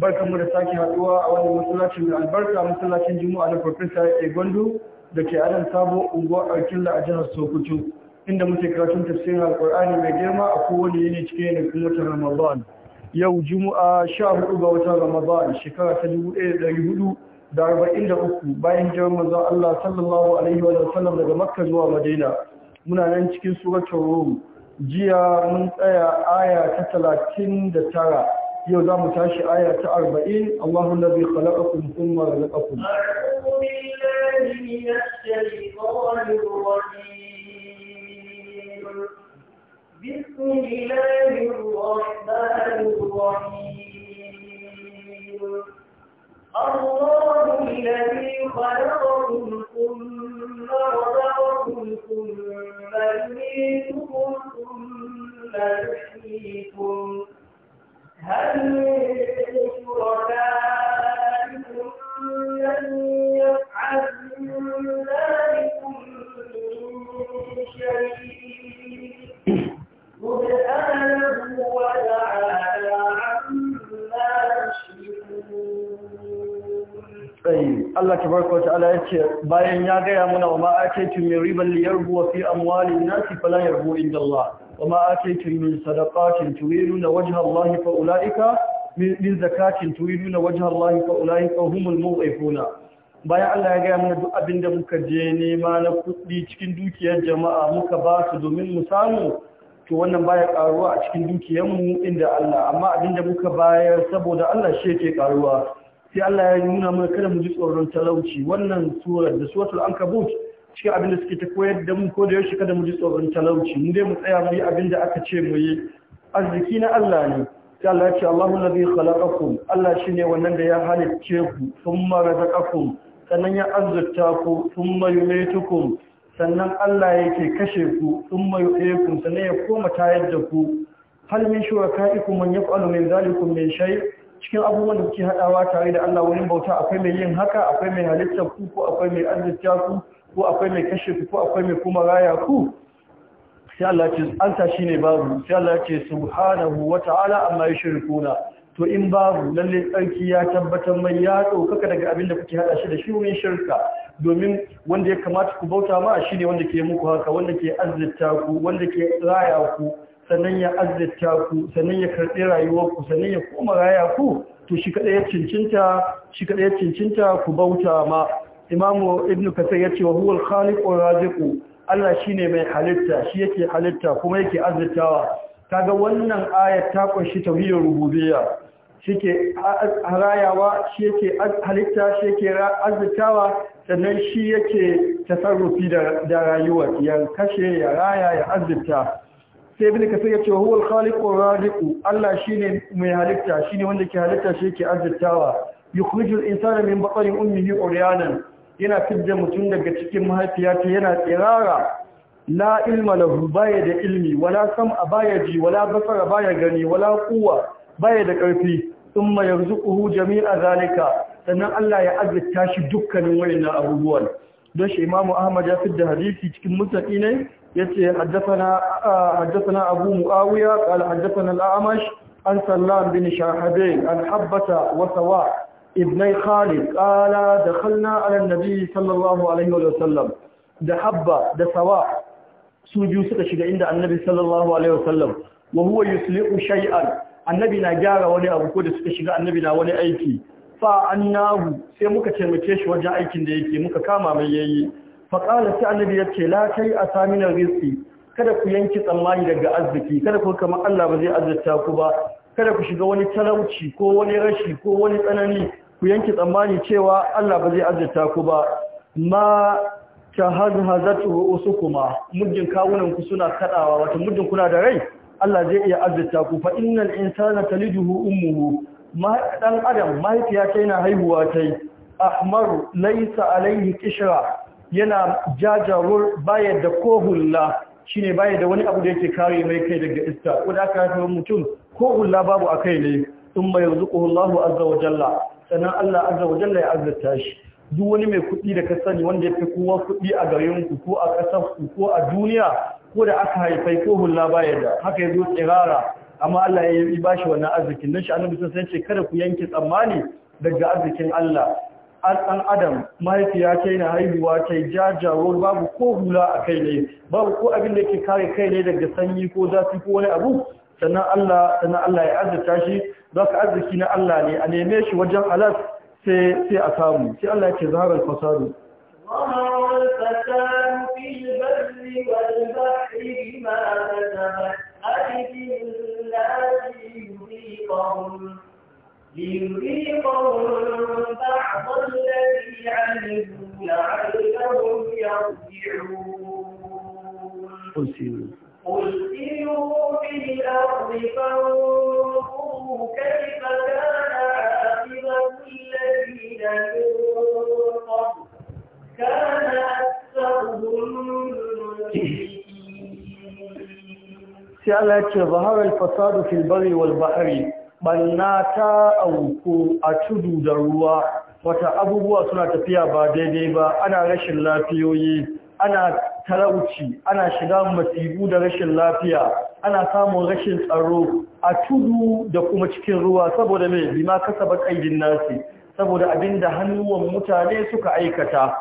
barkan mu da sake haduwa a wannan masallacin mai albarka masallacin juma'a na professor a gondo da ke anan sabo unguwar arkilla a jihar sokoto inda muke karatun tafsirin alkur'ani mai girma a kowane yini cikin yanayin ta ramadan yau juma'a sha hudu ga watan ramadan shekara ta dubu ɗaya da hudu da arba'in da uku bayan jiran manzon allah sallallahu alaihi wa sallam daga makka zuwa madina muna nan cikin suratul rum jiya mun tsaya aya ta talatin da tara yau za mu tashi aya ta arba'in Allahun da zai khalaqakum thumma razaqakum بسم الله الرحمن الله الذي خلقكم ثم رزقكم ثم يميتكم ثم يحييكم Allah tabaraka wata'ala yace bayan ya gaya muna wa ma akaitu min riban liyarbu fi amwalin nasi fala yarbu inda Allah وما آتيتم من صدقات تريدون وجه الله فأولئك من زكاة تريدون وجه الله فأولئك هم المضعفون bayan Allah ya gaya mana duk abin da muka je nema na kuɗi cikin dukiyar jama'a muka ba su domin mu samu to wannan baya karuwa a cikin dukiyarmu inda Allah amma abin da muka bayar saboda Allah shi yake karuwa sai Allah ya nuna mana kada mu ji tsoron talauci wannan surar da suratul ankabut cikin abin da suke ta koyar da mu ko da yaushe kada mu ji tsoron talauci mu dai mu tsaya mu yi abin da aka ce mu yi arziki na Allah ne sai Allah ya ce Allahu ladhi khalaqakum Allah shine wannan da ya halicce ku thumma razaqakum sannan ya azzata ku thumma yumitukum sannan Allah yake kashe ku thumma yuhyikum sannan ya koma tayar da ku hal min shuraka'ikum man yaf'alu min zalikum min shay cikin abubuwan da kuke hadawa tare da Allah wurin bauta akwai mai yin haka akwai mai halittar ku ko akwai mai azzata ku ko akwai mai kashe ku ko akwai mai kuma raya ku sai Allah ce an ta shine babu sai Allah ce subhanahu wata'ala amma yushrikuna to in babu lalle tsarki ya tabbatar mai ya dauka daga abin da kuke hada shi da shi mun shirka domin wanda ya kamata ku bauta ma shine wanda ke muku haka wanda ke azzita ku wanda ke raya ku sannan ya azzita ku sannan ya karbi rayuwar ku sannan ya kuma raya ku to shi kada ya cincinta shi kada ya cincinta ku bauta ma imamu ibn kasai ya ce wa huwal khaliqur raziqu Allah shine mai halitta shi yake halitta kuma yake azzatawa kaga wannan ayat ta kunshi tauhidin rububiyya shike harayawa shi yake halitta shi yake azzatawa sannan shi yake tasarrufi da rayuwa ya kashe ya raya ya azzata sai ibn kasai ya ce wa huwal khaliqur raziqu Allah shine mai halitta shine wanda ke halitta shi yake azzatawa yukhrijul insana min batni ummihi uryanan yana fidda mutum daga cikin mahaifiyata yana tsirara la ilma lahu baya da ilmi wala sam'a baya ji wala basara baya gani wala quwwa baya da karfi thumma yarzuquhu jami'a zalika sannan Allah ya azurta shi dukkanin wayannan abubuwan don shi Imam Ahmad ya fidda hadisi cikin musnadi ne yace haddathana haddathana Abu Muawiya qala haddathana al-Amash an Sallam bin Shahabain an Habbata wa Sawa ابن خالد قال دخلنا على النبي صلى الله عليه وسلم ده حبة سوجو suka shiga inda annabi sallallahu alaihi wasallam wa huwa yusli'u shay'an annabi na gyara wani abu ko da suka shiga annabi na wani aiki fa annahu sai muka taimake shi wajen aikin da yake muka kama mai yayi fa qala sai annabi yace la kai asamina rizqi kada ku yanki tsammani daga arziki kada ku kama Allah ba zai azurta ku ba kada ku shiga wani talauci ko wani rashi ko wani tsanani ku yanki tsammani cewa Allah ba zai azurta ku ba ma ta hazhazatu rusukuma muddin kawunan ku suna kadawa wato mujin kuna da rai Allah zai iya azurta ku fa innal insana taliduhu ummuhu ma dan adam mahaifiya ta yana haihuwa tai ahmar laysa alayhi qishra yana jajawur baya da kohulla shine baya da wani abu da yake kare mai kai daga iska ko da aka mutum ko hula babu a kai ne sun mai rizuƙuhu Allahu azza wa jalla sannan Allah azza wa jalla ya azarta shi duk wani mai kuɗi da ka sani wanda ya fi kowa kuɗi a garin ku ko a ƙasar ku ko a duniya ko da aka haifai ko hulla baya da haka ya zo tsirara amma Allah ya yi bashi wannan arzikin don shi annabi sun san ce kada ku yanke tsammani daga arzikin Allah an adam mahaifiya ta yana haihuwa ta jajawo babu ko hula a kai ne babu ko abin da yake kare kai ne daga sanyi ko zafi ko wani abu sannan Allah sannan Allah ya azurta shi don ka arziki na Allah ne a neme shi wajen alas sai a samu sai Allah ya ce zaharar fasadu ليذيقهم بعض الذي عملوا لعلهم يرجعون قل سيروا في الأرض فانظروا كيف كان عاقبة zaharar fasadu fil wal bahari banna ta auku a tudu da ruwa wata abubuwa suna tafiya ba daidai ba ana rashin lafiyoyi ana talauci ana shiga masibu da rashin lafiya ana samun rashin tsaro a tudu da kuma cikin ruwa saboda mai bima kasaba kaidin nasi saboda abinda hannuwan mutane suka aikata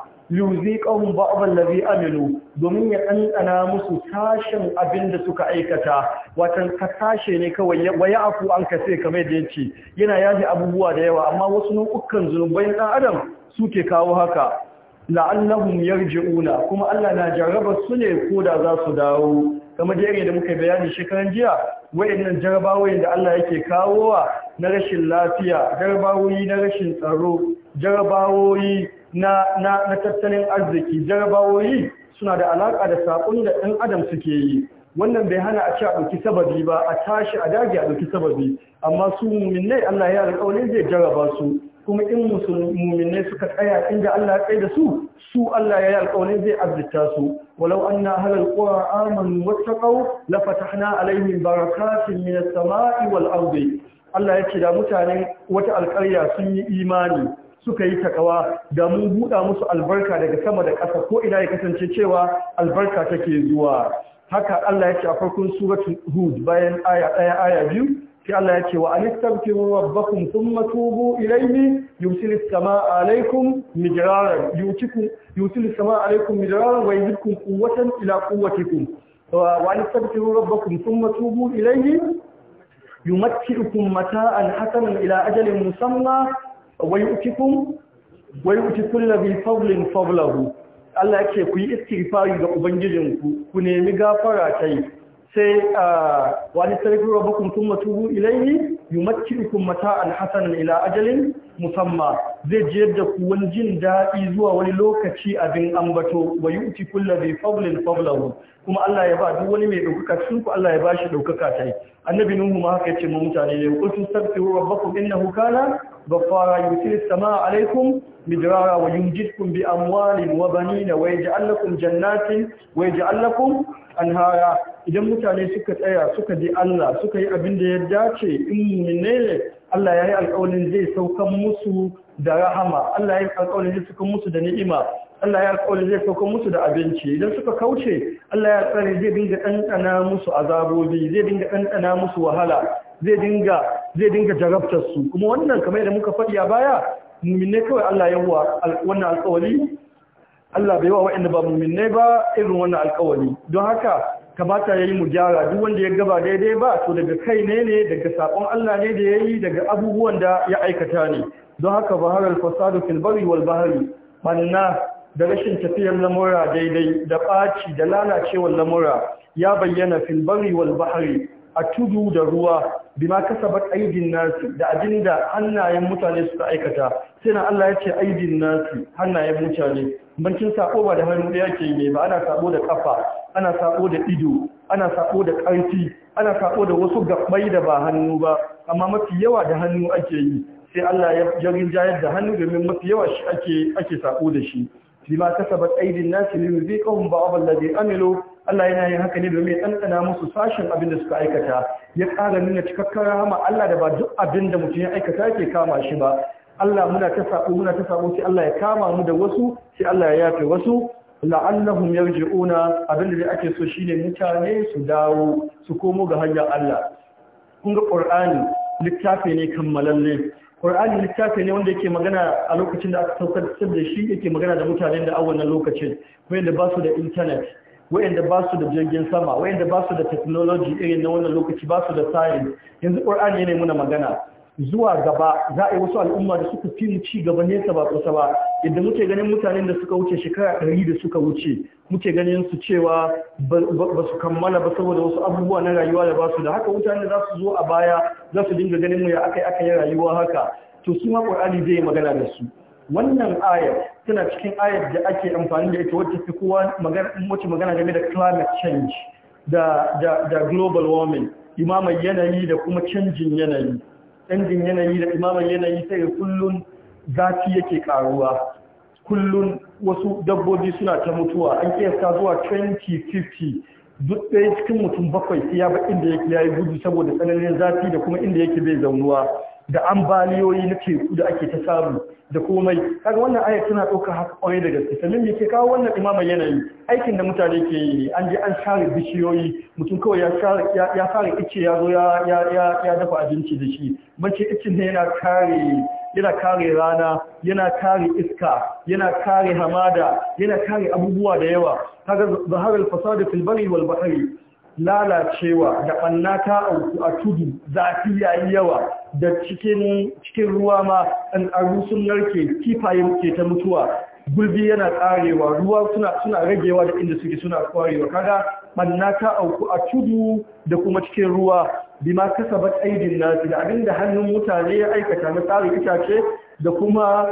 qawm ba'd allazi amilu domin ya ɗanɗana musu tashin abinda suka aikata watan ka tashe ne kawai waya afu an kace kamar da yace yana yafi abubuwa da yawa amma wasu nau'ukan zunubai ɗan adam suke kawo haka la'allahum yarji'una kuma Allah na jarabar su ne ko da za su dawo kamar da da muka bayani shekaran jiya wayannan jarabawoyin da Allah yake kawowa na rashin lafiya jarabawoyi na rashin tsaro jarabawoyi na na, na tattalin arziki jarabawoyi suna da alaka da sakon da ɗan adam suke yi wannan bai hana a ci a ɗauki sababi ba a tashi a dage a ɗauki sababi amma su muminai Allah ya alƙawarin zai jaraba su kuma in musulmi suka tsaya inda Allah ya tsaye da su su Allah ya yi alƙawarin zai arzita su walau halar halal qura amanu wattaqaw la fatahna alaihim barakatin minas samai wal ardi Allah ya ce da mutanen wata alƙarya sun yi imani suka yi takawa da mu buɗa musu albarka daga sama da ƙasa ko ina ya kasance cewa albarka take zuwa haka Allah ya ce a farkon suratul hud bayan aya ɗaya aya biyu sai Allah ya ce wa anistaghfiru rabbakum thumma tubu ilayhi yursilu as-samaa alaykum mijraran yutikum yursilu as-samaa alaykum mijraran wa yuzidkum quwwatan ila quwwatikum wa anistaghfiru rabbakum thumma tubu ilayhi yumatti'ukum mata'an hasanan ila ajalin musamma wa yu'tikum wa yu'ti kullu bi fadlin fadlahu Allah ya ce ku yi istighfari ga ubangijinku ku nemi gafara tai sai wani sarki rabakun sun matubu ilayi yi matkirikun mata alhassan ila ajalin musamman zai je da ku jin daɗi zuwa wani lokaci abin ambato wa yi uti kulla bai fablin fablahu kuma Allah ya ba duk wani mai ɗaukaka cikin ku Allah ya ba shi ɗaukaka ta yi annabi nuhu ma haka yace ma mutane ne ku sun sarfi hukana ba fara ghaffara yusil samaa alaikum midrara wa yumjidkum bi amwalin wa banina wa yaj'al lakum jannatin wa yaj'al lakum anhara idan mutane suka tsaya suka ji Allah suka yi abin da ya dace in ne Allah ya yi alƙawarin zai saukan musu da rahama Allah ya yi alƙawarin zai saukan musu da ni'ima Allah ya yi alƙawarin zai saukan musu da abinci idan suka kauce Allah ya tsare zai dinga ɗanɗana musu azabobi zai dinga ɗanɗana musu wahala zai dinga zai dinga jarabtar su kuma wannan kamar yadda muka faɗi a baya mumine kawai Allah ya wa wannan alƙawari Allah bai wa waɗanda ba muminne ba irin wannan alƙawari don haka kamata yi mu gyara duk wanda ya gaba daidai ba to daga kai ne ne daga sakon Allah ne da yayi daga abubuwan da ya aikata ne don haka baharar fasadu fil bari wal bahri manna da rashin tafiyar lamura daidai da ɓaci da lalacewar lamura ya bayyana fil bari wal bahri a tudu da ruwa bima kasabat aidin nasi da abinda hannayen mutane suka aikata sai na Allah ya ce aidin nasi hannayen mutane bankin sako ba da hannu ya ke ne ba ana sako da kafa ana sako da ido ana sako da ƙarfi ana sako da wasu gabbai da ba hannu ba amma mafi yawa da hannu ake yi sai Allah ya jarin jayar da hannu domin mafi yawa shi ake ake sako da shi bima kasabat aidin nasi liyuziqahum ba'd alladhi amilu Allah yana yin haka ne domin ya tsantsana musu sashen abin da suka aikata ya ƙara nuna cikakkar rahama Allah da ba duk abin da mutum ya aikata ke kama shi ba Allah muna ta sabo muna ta sabo sai Allah ya kama mu da wasu sai Allah ya yafe wasu la'annahum yarji'una abin da ake so shine mutane su dawo su komo ga hanyar Allah kun ga Qur'ani littafi ne kammalalle Qur'ani littafi ne wanda yake magana a lokacin da aka saukar da shi yake magana da mutanen da a wannan lokacin wanda ba su da intanet. wayanda ba su da jirgin sama wayanda ba su da technology irin na wannan lokaci ba su da science yanzu qur'ani ne muna magana zuwa gaba za a yi wasu al'umma da suka fi mu ci gaba nesa ba kusa ba yadda muke ganin mutanen da suka wuce shekara ɗari da suka wuce muke ganin su cewa ba su kammala ba saboda wasu abubuwa na rayuwa da ba su da haka mutane za su zo a baya za su dinga ganin mu ya aka yi aka yi rayuwa haka to su ma zai yi magana da su wannan ayar tana cikin ayar da ake amfani da ita wacce fi kowa wacce magana game da climate change da da da global warming imamar yanayi da kuma canjin yanayi canjin yanayi da imamar yanayi sai kullun zafi yake karuwa kullun wasu dabbobi suna ta mutuwa an kiyasta zuwa 2050 duk ɗaya cikin mutum bakwai ya ba inda yake yayi gudu saboda tsananin zafi da kuma inda yake bai zaunuwa da ambaliyoyi na teku da ake ta samu da komai kaga wannan ayat tana ɗauka haka kwarai da gaske sannan me ke kawo wannan imama yanayi aikin da mutane ke yi an je an share bishiyoyi mutum kawai ya share ya fara ice ya zo ya dafa abinci da shi mace icin ne yana kare yana kare rana yana kare iska yana kare hamada yana kare abubuwa da yawa kaga zaharar fasada fil bari wal bahri lalacewa da ɓanna ta auku a tudu zafi yayi yawa da cikin ruwa ma an sun narke kifayen ke ta mutuwa gulbi yana ƙarewa ruwa suna ragewa da inda suke suna ƙwarewa kaga ɓanna ta auku a tudu da kuma cikin ruwa bima ba aidin nasi da abinda hannun mutane ya aikata na tsarin itace da kuma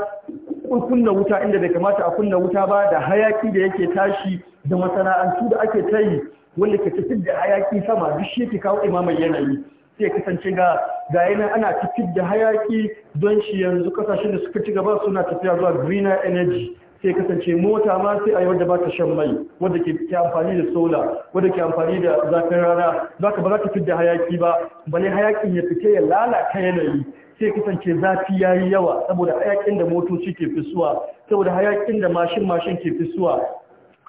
kunna wuta inda bai kamata a kunna wuta ba da hayaki da yake tashi da masana'antu da ake ta yi wanda ke fitar da hayaki sama duk shi ke kawo imamar yanayi sai kasance ga ga yana ana fitar da hayaki don shi yanzu kasashen da suka ci gaba suna tafiya zuwa greener energy sai kasance mota ma sai a yi wadda ba ta shan mai wadda ke amfani da sola wadda ke amfani da zafin rana za ka ba za ta fitar da hayaki ba bane hayakin ya fita ya lalata yanayi sai kasance zafi ya yi yawa saboda hayakin da motoci ke fisuwa saboda hayakin da mashin mashin ke fisuwa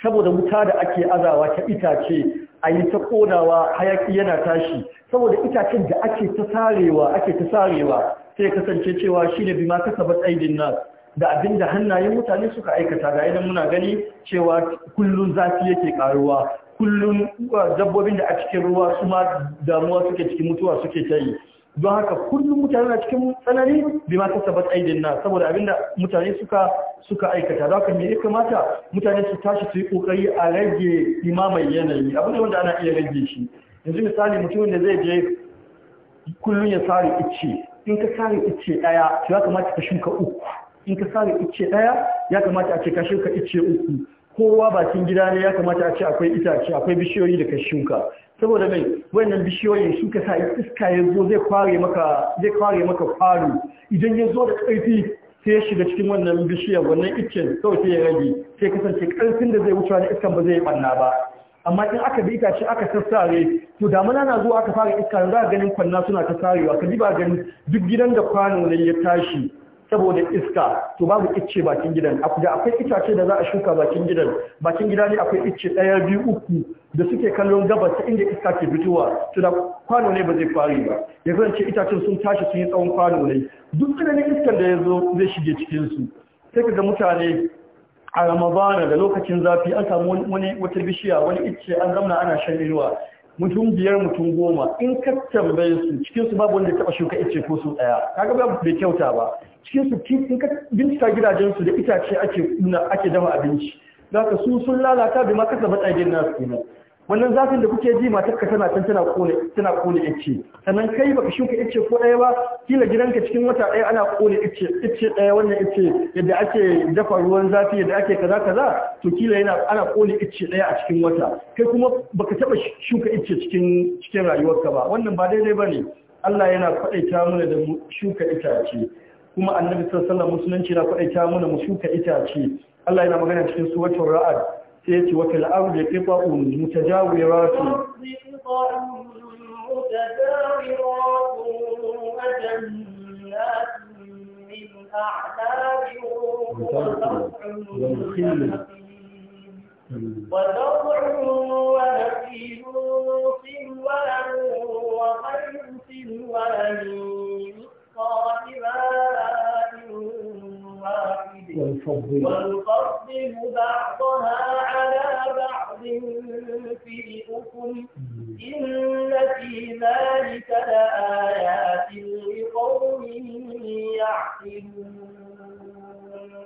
saboda wuta da ake azawa ta itace a yi ta ƙonawa, hayaki yana tashi saboda itacen da ake ta sarewa ake ta sarewa sai kasance cewa shi ne bima kasabat aidin nan da abin da hannayen mutane suka aikata da idan muna gani cewa kullum zafi yake karuwa kullum uh, dabbobin da a cikin ruwa su ma damuwa suke cikin mutuwa suke ta yi don haka kullum mutane na cikin tsanani bi ma kasabat aidin na saboda abinda mutane suka suka aikata don haka me ya kamata mutane su tashi su yi kokari a rage imamai yanayi Abin da wanda ana iya rage shi yanzu misali mutum da zai je kullum ya sare icce in ka sare icce daya ya kamata ka shuka uku in ka sare icce daya ya kamata a ce ka shuka icce uku kowa bakin gida ne ya kamata a ce akwai itace akwai bishiyoyi da ka shuka saboda mai wannan su ka sa iska ya zo zai kware maka zai kware maka idan ya zo da karfi sai ya shiga cikin wannan bishiyar wannan iccen kawai sai ya rage sai kasance karfin da zai wuce wani iskan ba zai yi banna ba amma in aka bi itace aka sassare to damuna na zuwa aka fara iska za a ganin kwanna suna ta sarewa ka ji ba ganin duk gidan da kwano ne ya tashi saboda iska to babu icce bakin gidan da akwai itace da za a shuka bakin gidan bakin gida ne akwai icce daya biyu uku da suke kallon gabas ta inda iska ke fitowa to da kwano ne ba zai fari ba ya kasance itacen sun tashi sun yi tsawon kwano ne duk tsananin iskan da ya zo zai shige cikin su sai ka mutane a ramadan da lokacin zafi an samu wani wata bishiya wani icce an zamna ana shan inuwa mutum biyar mutum goma in ka tambaye su cikin su babu wanda ya taba shuka icce ko su daya kaga babu bai kyauta ba cikin su in ka bincika gidajensu da itace ake kuna ake abinci za ka su sun lalata bi ma kasa batsajin nasu ne wannan zafin da kuke ji matar ka tana can tana kone tana kone ice sannan kai baka shuka ice ko ɗaya ba kila gidanka cikin wata ɗaya ana kone ice ice ɗaya wannan ice yadda ake dafa ruwan zafi yadda ake kaza kaza to kila yana ana kone ice ɗaya a cikin wata kai kuma baka taba shuka ice cikin cikin rayuwarka ba wannan ba daidai bane Allah yana faɗaita mana da shuka itace kuma annabi sallallahu alaihi musulunci na kwadaita mana mu shuka itace Allah yana magana cikin suratul ra'd sai ya ce wa fil ardi qita'un mutajawiratu وزرع ونخيل صنوان وغير صنوان ونفضل بعضها على بعض في na إن في ذلك لآيات لقوم يعقلون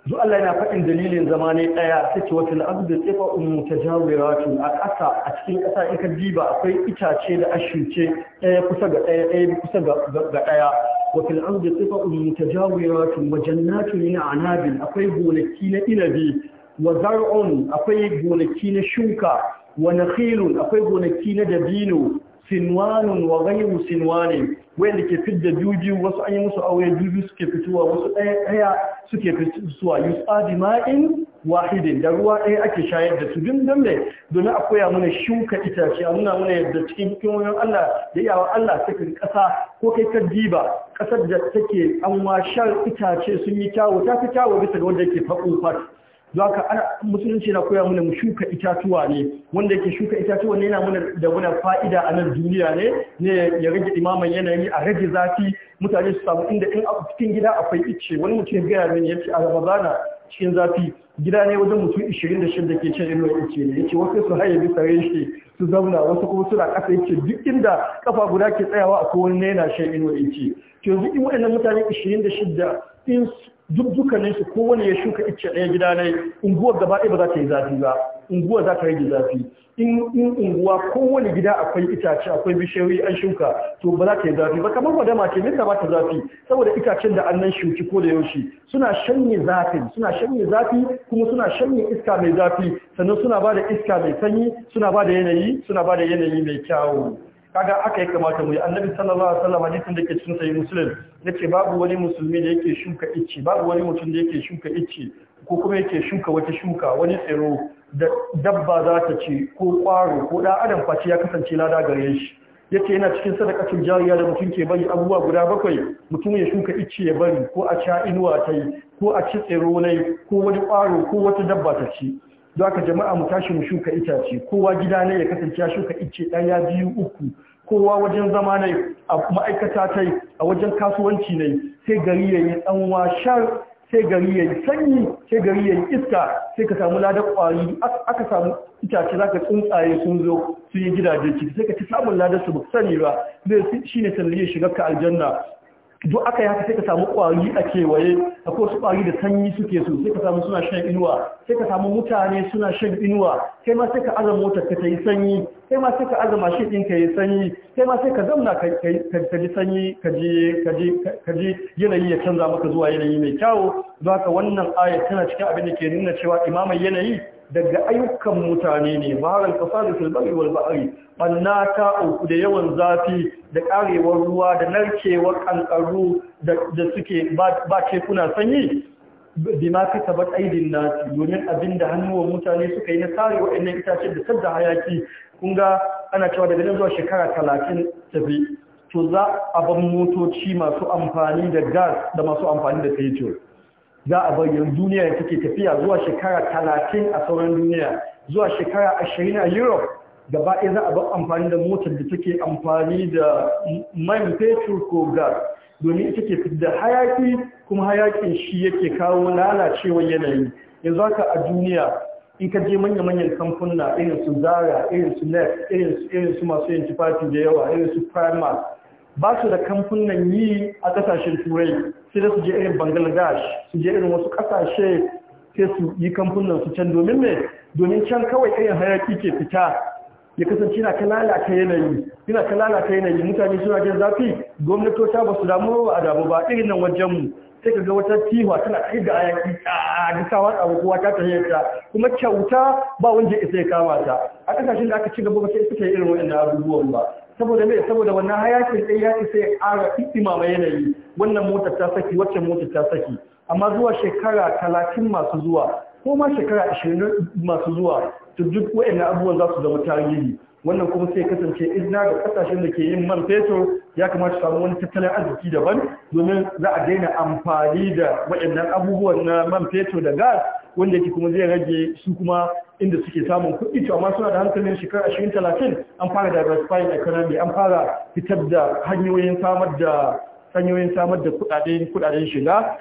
duk Allah yana faɗin dalilin zama ne ɗaya ta ce wata la'abda tsefa umu ta jawiratu a ƙasa a cikin ƙasa in ka diba akwai itace da ashirce ɗaya kusa ga ɗaya ɗaya kusa ga ɗaya وفي الأرض قطع متجاورات وجنات من أعناب أقوي بولكين إلبي وزرع أقوي بولكين شوكا ونخيل أقوي بولكين دبينو sinwanun wa gairu sinwanin wanda ke fidda juju wasu an yi musu aure juju suke fitowa wasu ɗaya suke fitowa yusuf adima'in wahidin da ruwa ɗaya ake shayar da su dun don mai domin a koya mana shuka itace a nuna mana yadda cikin kiwon Allah da iyawa Allah ta kan ƙasa ko kai ka diba ƙasar da take an washar itace sun yi kyawu ta fi kyawu bisa ga wanda yake faɗo fat don haka musulunci na koya mana mu shuka itatuwa ne wanda yake shuka itatuwa ne yana mana da wani fa'ida a nan duniya ne ne ya rage imaman yanayi a rage zafi mutane su samu inda in cikin gida akwai ice wani mutum ya gaya mini ya a ramadana cikin zafi gida ne wajen mutum 26 ke cin inuwar ice ne yace wasu su haye bisa reshe su zauna wasu kuma suna kasa yace duk inda kafa guda ke tsayawa a kowane na yana shan inuwar ice ke yanzu in waɗannan mutane 26 in duk dukkanin su kowane ya shuka ice ɗaya gida ne unguwar gaba ɗaya ba za ta yi zafi ba unguwar za ta rage zafi in unguwa kowane gida akwai itace akwai bishiyoyi an shuka to ba za ta yi zafi ba kamar wadama ce mai ba ta zafi saboda itacen da an nan shuki ko da yaushe suna shanye zafi suna shanye zafi kuma suna shanye iska mai zafi sannan suna ba da iska mai sanyi suna ba da yanayi suna ba da yanayi mai kyawu kaga aka yi kamata mu yi annabi sallallahu alaihi wasallam hadisin da ke cikin sahih muslim yace babu wani musulmi da yake shuka icce babu wani mutum da yake shuka icce ko kuma yake shuka wata shuka wani tsiro da dabba za ta ce ko ƙwaro ko ɗan adam face ya kasance lada gare shi yace yana cikin sadakacin jariya da mutum ke bari abubuwa guda bakwai mutum ya shuka icce ya bari ko a sha inuwa ta yi ko a ci tsiro ko wani ƙwaro ko wata dabba ta ci Za ka jama'a mu tashi mu shuka itace kowa gida ne ya kasance ya shuka icce ɗaya biyu uku kowa wajen zama ne a ma'aikata ta yi a wajen kasuwanci ne sai gari ya yi tsanwa shar sai gari ya yi sanyi sai gari ya yi iska sai ka samu ladar kwari aka samu itace zaka tsuntsaye sun zo sun yi gidaje ciki sai ka ci samun ladar su baka sani ba zai shine sanadiyar shigar ka aljanna duk aka yi haka sai ka samu kwari a kewaye a ko su kwari da sanyi suke su sai ka samu suna shan inuwa sai ka samu mutane suna shan inuwa Sai ma sai ka aza motar ka ta yi sanyi Sai ma sai ka aza mashin ɗin ka yi sanyi Sai ma sai ka zamna ka ji sanyi ka ji yanayi ya canza maka zuwa yanayi mai kyawu Za ka wannan ayat tana cikin abin da ke nuna cewa "Imamai yanayi daga ayyukan mutane ne maharar kasa da bari wal ba'ari banna ta da yawan zafi da karewar ruwa da narkewar kankaru da suke ba kuna sanyi bima ka tabar aidin nasi domin abinda hannuwan mutane suka yi na tsari waɗannan itace da sadda hayaki kun ga ana cewa daga nan zuwa shekara talatin tafi to za a ban motoci masu amfani da gas da masu amfani da fetur za a bayyana duniya take tafiya zuwa shekara talatin a sauran duniya zuwa shekara ashirin a europe gaba ɗaya za a bar amfani da motar da take amfani da man fetur ko gas domin ita ke da hayaki kuma hayakin shi yake kawo lalacewar yanayi yanzu haka a duniya in ka je manya-manyan kamfuna irin su zara irin su net irin su masu yin tufafi da yawa irin su primark ba su da kamfunan yi a kasashen turai sai da su je irin bangladesh su je irin wasu kasashe sai su yi kamfunan su can domin ne domin can kawai irin hayaki ke fita ya kasance na ka lalata yanayi yana ka lalata yanayi mutane suna jin zafi gwamnatota ba su damu ba a damu ba irin nan wajenmu sai ka ga wata tiwa tana kai ah, da hayaki a duka watsa kowa ta tahiyyarta kuma kyauta ba wanda isa ya kama ta a kasashen da aka ci gaba ba sai suka yi irin waɗannan abubuwan ba saboda mai saboda wannan hayakin sai ya isa ya ƙara hikima yanayi wannan mota ta saki waccan mota ta saki amma zuwa shekara talatin masu zuwa ko ma shekara ashirin masu zuwa to duk wa'annan abubuwan za su zama tarihi wannan kuma sai kasance izina ga kasashen da ke yin man fetur ya kamata samu wani tattalin arziki daban domin za a daina amfani da waɗannan abubuwan na man fetur da gas wanda yake kuma zai rage su kuma inda suke samun kuɗi to amma suna da hankalin shekara talatin an fara diversifying economy an fara fitar da hanyoyin samar da hanyoyin samar kudaden shiga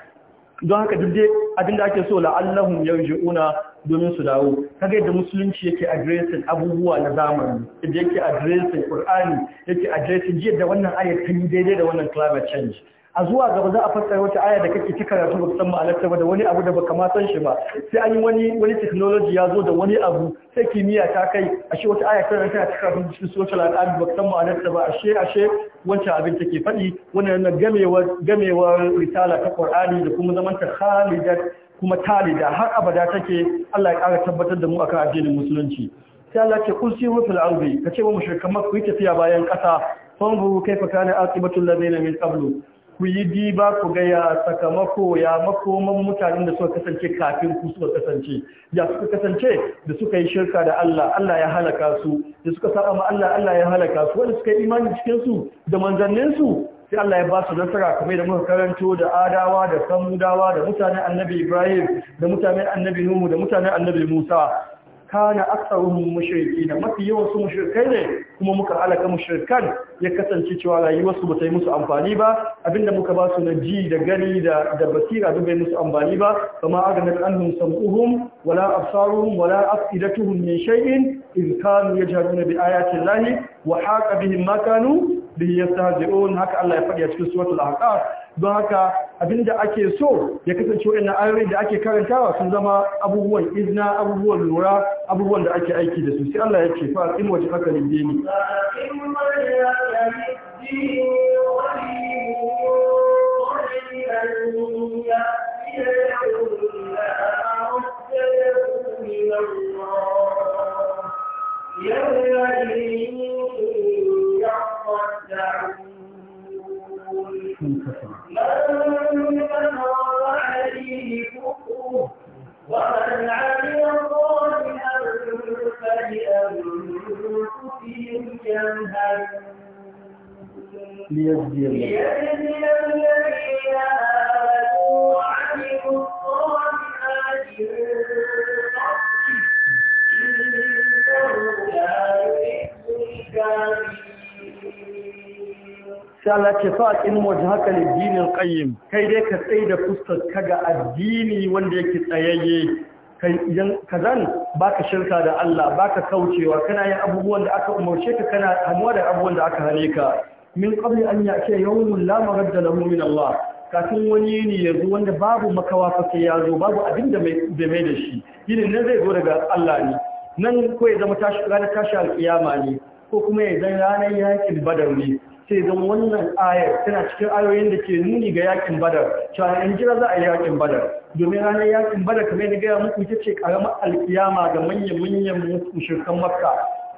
don haka duk dai abin da ake so la'allahum yarji'una domin su dawo kage yadda musulunci yake addressing abubuwa na zamani yake addressing qur'ani yake addressing jiya da wannan ayat daidai da wannan climate change a zuwa gaba za a fassara wata aya da kake ci karatu ba san ma'anarta ba da wani abu da baka ma san shi ba sai an yi wani wani technology ya zo da wani abu sai kimiyya ta kai ashe wata aya tana tana ta karatu cikin social al'adu ba san ma'anarta ba ashe ashe wancan abin take faɗi wannan gamewar gamewar risala ta Qur'ani da kuma zaman ta khalidat kuma talida har abada take Allah ya ƙara tabbatar da mu akan addinin musulunci sai Allah ce kun siru fil ardi kace wa mushrikan makka yi tafiya bayan ƙasa fanzuru kaifa kana aqibatu alladhina min qablu ku yi diba ku ga ya sakamako ya makoman mutanen da suka kasance kafin ku suka kasance ya suka kasance da suka yi shirka da Allah Allah ya halaka su da suka saba ma Allah Allah ya halaka su wanda suka yi imani cikin su da manzannin su sai Allah ya ba su nasara kamar da muka karanto da adawa da samudawa da mutanen annabi Ibrahim da mutanen annabi Nuhu da mutanen annabi Musa kana aksaruhum mushrikin mafi yawan su mushrikai ne kuma muka halaka mushrikan ya kasance cewa rayuwar su bata yi musu amfani ba abinda muka ba su na ji da gani da da basira duk bai musu amfani ba kama agana anhum sam'uhum wala absaruhum wala afidatuhum min shay'in iz kanu yajhaduna bi ayati llahi wa haqa bihim ma kanu bihi yastahzi'un haka Allah ya faɗi a cikin suratul ahqaf don haka abinda ake so ya kasance wannan ayoyin da ake karantawa sun zama abubuwan izna abubuwan lura abubuwan da ake aiki da su sai Allah ya ce fa in waje haka lidini يومئذ يعصر تدعون من تطوع فيه فقه ومن عمل صالحا فلأنفسهم يمهدون ليجزي الذين آمنوا وعملوا الصالحات إنه لا يحب الكافرين sai Allah ce fa in ne lid-dinil qayyim kai dai ka tsaye da fuskar ka ga addini wanda yake tsayayye Ka zan? Ba ka shirka da Allah Ba ka kaucewa kana yin abubuwan da aka umarce ka kana hamuwa da abubuwan da aka hane ka min qabli an ya'tiya yawon la maradda na mumin Allah kafin wani yini ya zo wanda babu makawa fa ya zo babu abin da mai da shi yinin nan zai zo daga Allah ne nan ko ya zama tashi ranar tashi alkiyama ne ko kuma ya ranar yakin badar ne sai zan wannan ayar tana cikin ayoyin da ke nuni ga yakin badar cewa an jira za a yi yakin badar domin ranar yakin badar kamar da gaya muku ita ce karamar alkiyama ga manyan-manyan mushrikan makka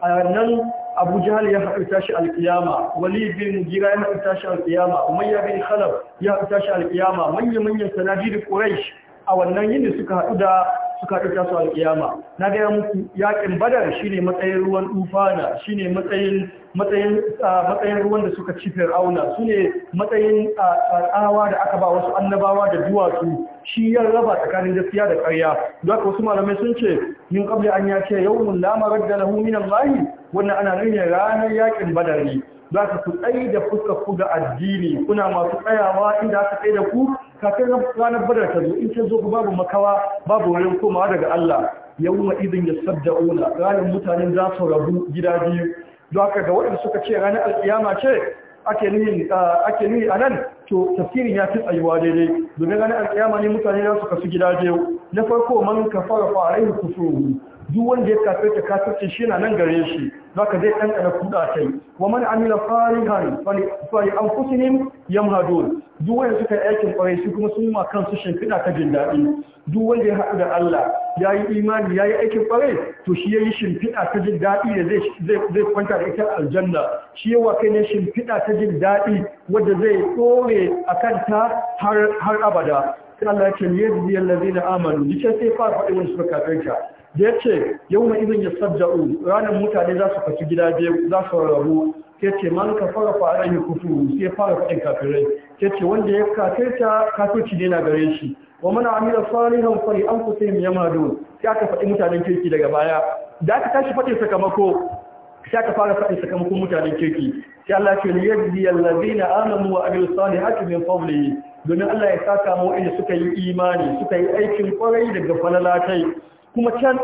a nan abu jahal ya haɗu tashi alkiyama wali bin gira ya haɗu tashi alkiyama umayya bin khalaf ya haɗu tashi alkiyama manya-manyan sanadi da quraish a wannan yini suka haɗu da suka ɗauka su alƙiyama na gaya muku yaƙin badar shi ne matsayin ruwan tufana Shi ne matsayin ruwan da suka ci fir'auna ne matsayin tsarawa da aka ba wasu annabawa da duwatsu shi ya raba tsakanin gaskiya da ƙarya don wasu malamai sun ce min qabli an ya ce mun la maradda lahu min layi. wannan ana nuna ranar yaƙin badar ne za ku tsaye da fuskar ku ga addini kuna masu tsayawa inda aka tsaye da ku kafin ranar bada ta zo in ta zo babu makawa babu wurin komawa daga Allah yawma idin yasadda'una ranar mutanen za su rabu gida biyu don haka ga waɗanda suka ce ranar alƙiyama ce ake nuni a nan, to tafsirin ya fi tsayuwa daidai domin ranar alƙiyama ne mutane za su kasu gida biyu na farko man kafara fara yin kufuru duk wanda ya kafirta kafircin shi na nan gare shi zaka zai ɗanɗana kuɗa ta yi wa man amila farihan fari an kusurin yamhadun duk wanda suka yi aikin ƙwarai su kuma sun ma kansu shimfiɗa ta jin daɗi duk wanda ya haɗu da Allah ya yi imani ya yi aikin ƙwarai to shi ya yi shimfiɗa ta jin daɗi da zai kwanta da ita aljanna shi yawa kai ne shimfiɗa ta jin daɗi wadda zai ɗore a kanta har abada sai Allah ya ce yadda yallazina amanu ni ce sai fa faɗi wani suka kafirta da ya ce yau mai izin ya sadda'u ranar mutane za su faci gida biyu za su rarrabu ke ce man ka fara fara yi kufu sai fara faɗin kafirai ke ce wanda ya kafirta kafirci ne na gare shi wa mana amira salihan fari an ku sai mu yama sai aka faɗi mutanen kirki daga baya da aka tashi faɗin sakamako sai aka fara faɗin sakamakon mutanen kirki sai Allah ce liyajzi allazina amanu wa amilus salihati min fadlihi domin Allah ya sa mu inda suka yi imani suka yi aikin kwarai daga falalatai kuma can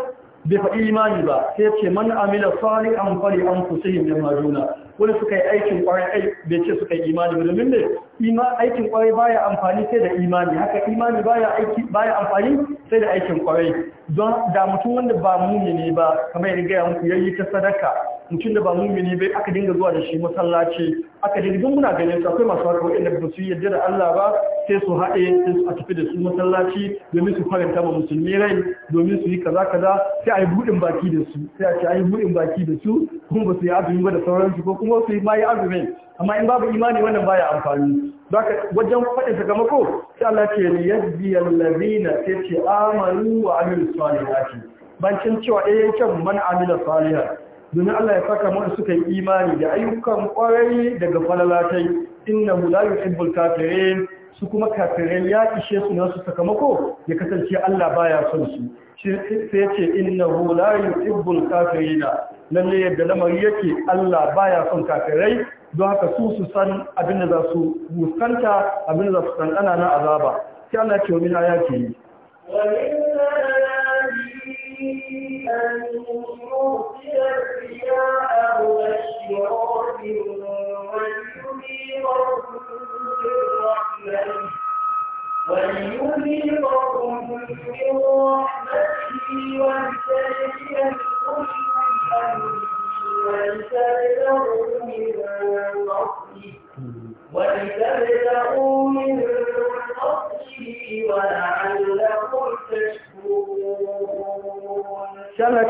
bai faɗi imani ba sai ce man amila fari an fari an kusurin da majuna wani suka yi aikin ƙwarai bai ce suka yi imani ba domin ne ima aikin kwarai baya amfani sai da imani haka imani baya aiki baya amfani sai da aikin kwarai don da mutum wanda ba mumini ba kamar yadda gaya muku yayi ta sadaka mutum da ba mumini bai aka dinga zuwa da shi masallaci aka dinga duk muna ganin su akwai masu harkar wanda ba su yarda da Allah ba sai su haɗe sai su tafi da su masallaci domin su fara ma musulmi rai domin su yi kaza kaza sai a yi buɗin baki da su sai a ce a yi buɗin baki da su kuma ba su yi azumi ba da sauransu ko kuma su yi ma yi azumin amma in babu imani wannan baya amfani baka wajen faɗin sakamako sai Allah ce ni yaddi allazina sai amanu wa amilu salihati bancin cewa eh yake man amila salihan domin Allah ya saka mu suka yi imani da ayyukan kwarai daga falalatai innahu la yuhibbul kafirin su kuma kafirai ya ishe su ne su sakamako ya kasance Allah baya son su sai yace innahu la yuhibbul kafirina lalle yadda lamari yake Allah baya son kafirai don haka su su san abin da za su fuskanta abin da za su kankana na azaba sai Allah ya ce yi. Wani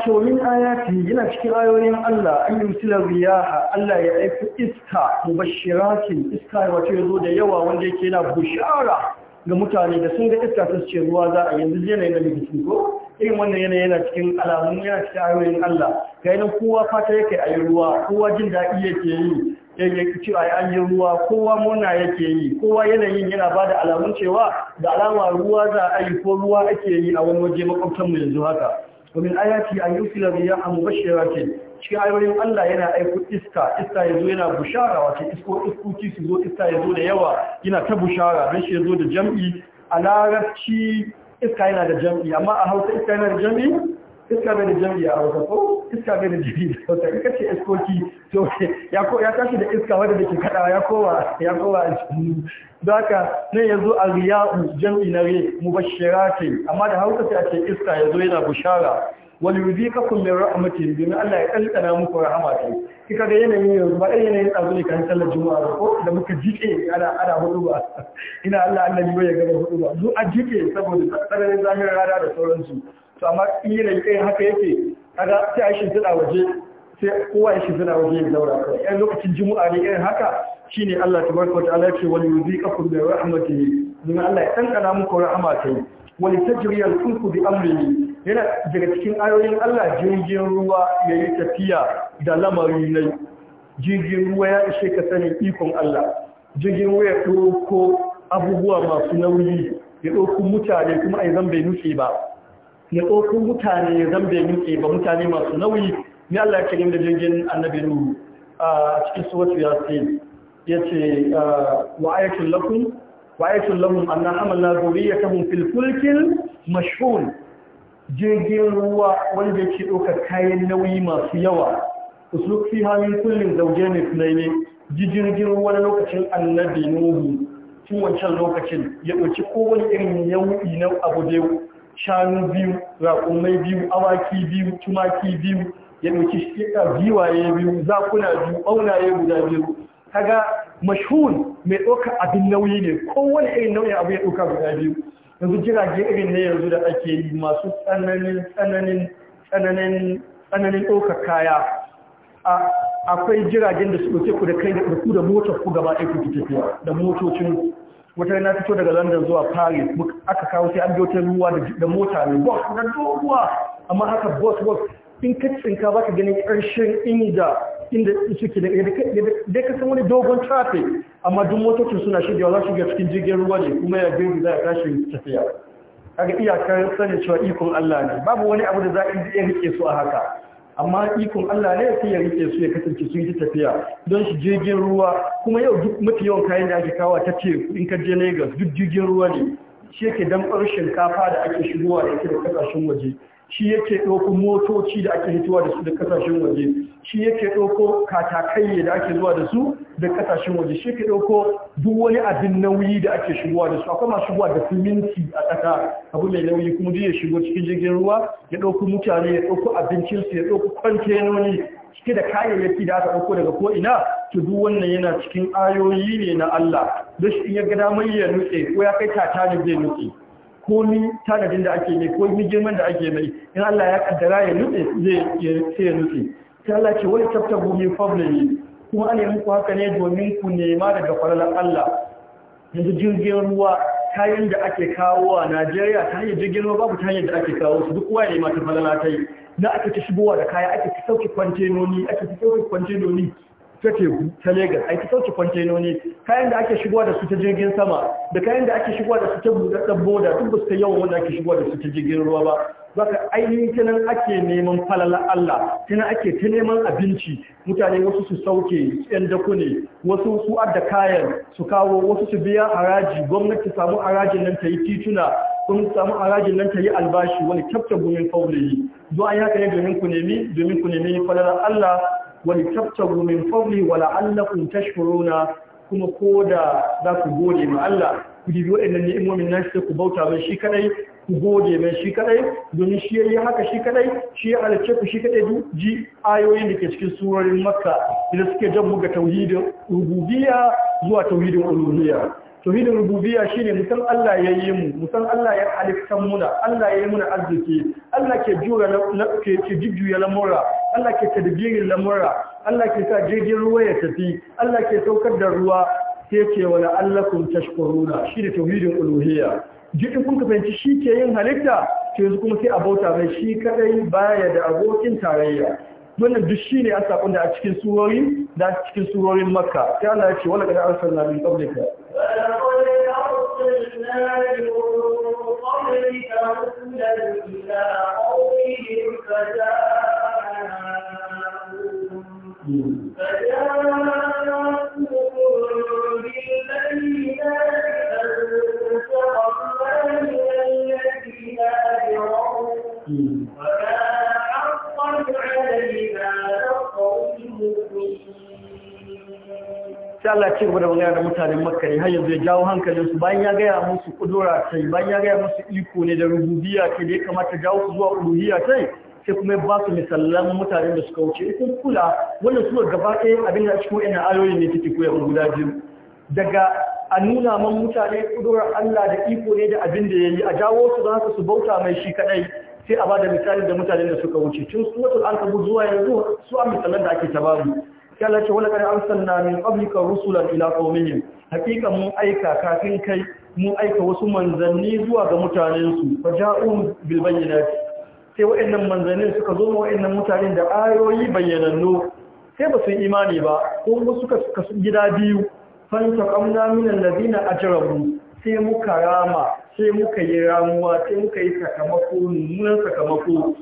wato min ayati yana cikin ayoyin Allah an yumsila riyaha Allah ya aiki iska mubashiratin iska wato yazo da yawa wanda yake yana bushara ga mutane da sun ga iska ta ce ruwa za a yanzu yanayin da muke ko irin wannan yanayi yana cikin alamun yana cikin ayoyin Allah kai nan kowa fata yake ayi ruwa kowa jin daɗi yake yi yake ci ayi a yi ruwa kowa murna yake yi kowa yanayin yana ba da alamun cewa da alama ruwa za a yi ko ruwa ake yi a wani waje makwabtan mu yanzu haka ومن آياتي أن يرسل الرياح مبشرات cikin ayoyin Allah yana aiko iska iska yazo yana bushara wace isko iskoki su zo iska yazo da yawa yana ta bushara dan shi yazo da jam'i a laraci iska yana da jam'i amma a hausa iska yana da jam'i iska bai da jami'a a hausa ko iska bai da jami'i a hausa kaka ce iskoki to ya tashi da iska wadda da ke kaɗawa ya kowa ya kowa a cikin da haka nan ya zo a riya'u jami'i na re mubashirati amma da hausa sai a ce iska ya zo yana bushara wani yuzi ka kullum rahmatin domin Allah ya kalkana muku rahama ta kika ga yanayin yanzu ba ɗan yanayin ɗazu ne kan sallar juma'a ba ko da muka jiƙe ana ana hudu ba ina Allah Allah ne ya gaba hudu ba zu a jiƙe saboda tsananin zahirar rada da sauransu to amma ƙiran kai haka yake kaga sai a shi waje sai kowa ya shi waje ya zaura kai yan lokacin juma'a ne irin haka shine Allah tabaraka wa ta'ala ce wal yuziqakum bi rahmatihi domin Allah ya kankana muku rahama ta yi wal tajriya al fulku bi amrihi yana daga cikin ayoyin Allah jirgin ruwa yayi tafiya da lamari ne jirgin ruwa ya ishe ka sanin ikon Allah jirgin ruwa ya ɗauko abubuwa masu nauyi ya ɗauko mutane kuma a yi zan bai nufi ba ya tsofin mutane ya zambe yinke ba mutane masu nauyi ni Allah ya kirim da jirgin annabi nuhu a cikin suwatu ya ce ya ce wa ayatun lakum wa ayatun lahum anna hamalna zuriyatahum mashhun jirgin ruwa wanda ke ɗaukar kayan nauyi masu yawa usluk fi hannun kullum zauje ne tunai ne jirgin ruwa na lokacin annabi nuhu tun wancan lokacin ya ɗauki kowane irin nau'i na abu da shanu biyu raƙumai biyu awaki biyu tumaki biyu ya ɗauki shekar giwaye biyu zakuna biyu ɓaunaye guda biyu kaga mashhur mai ɗauka abin nauyi ne kowane irin nauyin abu ya ɗauka guda biyu yanzu jirage irin na yanzu da ake yi masu tsananin ɗaukar kaya akwai jiragen da su ɗauke ku da kai da ku da motar ku gaba ɗaya ku tafiya da motocin wata na fito daga london zuwa paris aka kawo sai an biyo ruwa da mota ne bus na doguwa amma haka bus bus in ka tsinka ba ganin ƙarshen inda inda suke da dai ka san wani dogon traffic amma duk motocin suna shigewa za su ga cikin jirgin ruwa ne kuma ya gaibu za a tashi tafiya kaga iyakar sanin cewa ikon Allah ne babu wani abu da za a iya rike su a haka amma ikon Allah ne sai ya rike su ya kasance sun yi tafiya don shi jirgin ruwa kuma yau duk mafi yawan kayan da ake kawo ta ce in ka je Lagos duk jirgin ruwa ne shi yake damɓar shinkafa da ake shigowa da da kasashen waje shi yake ɗauko motoci da ake hituwa da su da kasashen waje shi yake ɗauko katakaiye da ake zuwa da su da kasashen waje shi yake ɗauko duk wani abin nauyi da ake shigowa da su akwai masu shigowa da siminti a ƙasa abu mai nauyi kuma duk ya shigo cikin jirgin ruwa ya ɗauko mutane ya ɗauko abincinsu ya ɗauko kwantenoni cike da kayayyaki da aka ɗauko daga ko ina, to duk wannan yana cikin ayoyi ne na Allah da shi in ya ga damar ya nutse ko ya kai tata ne zai nutse komi tanadin da ake mai komi girman da ake mai in Allah ya kaddara ya nutse zai sai ya nutse sai Allah ce wani tabtabu gumi fadlihi kuma ana yin haka ne domin ku nema daga falalan Allah yanzu jirgin ruwa kayan da ake kawo a Najeriya ta hanyar jirgin ruwa babu ta hanyar da ake kawo su duk waye ma ta falala ta yi na ake ta shigowa da kaya ake ta sauke kwantenoni ake ta sauke kwantenoni take ta Legas ai ta sauke kwantenoni kayan da ake shigowa da su ta jirgin sama da kayan da ake shigowa da su ta buɗaɗɗen boda duk ba su ta yawan wanda ake shigowa da su ta jirgin ruwa ba zaka ainihin ta nan ake neman falala Allah ta nan ake ta neman abinci mutane wasu su sauke yan dako ne wasu su adda kayan su kawo wasu su biya haraji gwamnati samu harajin nan ta yi tituna kun samu harajin nan ta yi albashi wani kyafta gumin faulayi zuwa ya haka ne domin ku nemi domin ku nemi falalar Allah wani tabtabu min fadli wa la'allakum tashkuruna kuma da za ku gode ma Allah ku bi waɗannan ni'imomin nan sai ku bauta mai shi kadai ku gode mai shi kadai domin shi yayi haka shi kadai shi ya halarce ku shi kadai duk ji ayoyin da ke cikin surarin Makka idan suke jan ga tauhidin rububiyya zuwa tauhidin uluhiyya tauhidin rububiyya shine musan Allah ya yi mu musan Allah ya halitta muna Allah ya yi muna arziki Allah ke jura na ke ke jujjuya lamura Allah ke tadbirin lamura Allah ke sa jirgin ruwa ya tafi Allah ke saukar da ruwa sai ke wala allakum tashkuruna shine tauhidin uluhiyya jirgin kun fahimci shi ke yin halitta to yanzu kuma sai a bauta mai shi kadai baya da abokin tarayya wannan duk shi ne a sakon da a cikin surori da a cikin surorin makka sai Allah ya ce wala kada arsalna min qablika أرسلنا من قبلك رسلا إلى قومهم فجاءوا Allah ci gaba da magana da mutanen Makka har yanzu ya jawo hankalin su bayan ya gaya musu kudura ta bayan ya gaya musu iko ne da rububiyya ta da ya kamata jawo su zuwa uluhiyya ta sai kuma ba su misalan mutanen da suka wuce kun kula wannan sura gaba ɗaya abin da cikin wannan ayoyin ne take koyar guda biyu daga a nuna man mutane kudurar Allah da iko ne da abin da yi a jawo su don haka su bauta mai shi kadai sai a bada misali da mutanen da suka wuce tun an kabu zuwa yanzu su a misalan da ake tabaru sai Allah ce wala kad arsalna min qablika rusulan ila qaumihim hakika mun aika kafin kai mun aika wasu manzanni zuwa ga mutanen su faja'um bil bayyinati sai waɗannan manzannin suka zo waɗannan mutanen da ayoyi bayyananno sai ba su imani ba ko suka kasu gida biyu fanta kamna minan ladina ajramu sai muka rama sai muka yi ramuwa sai muka yi sakamako mummunan sakamako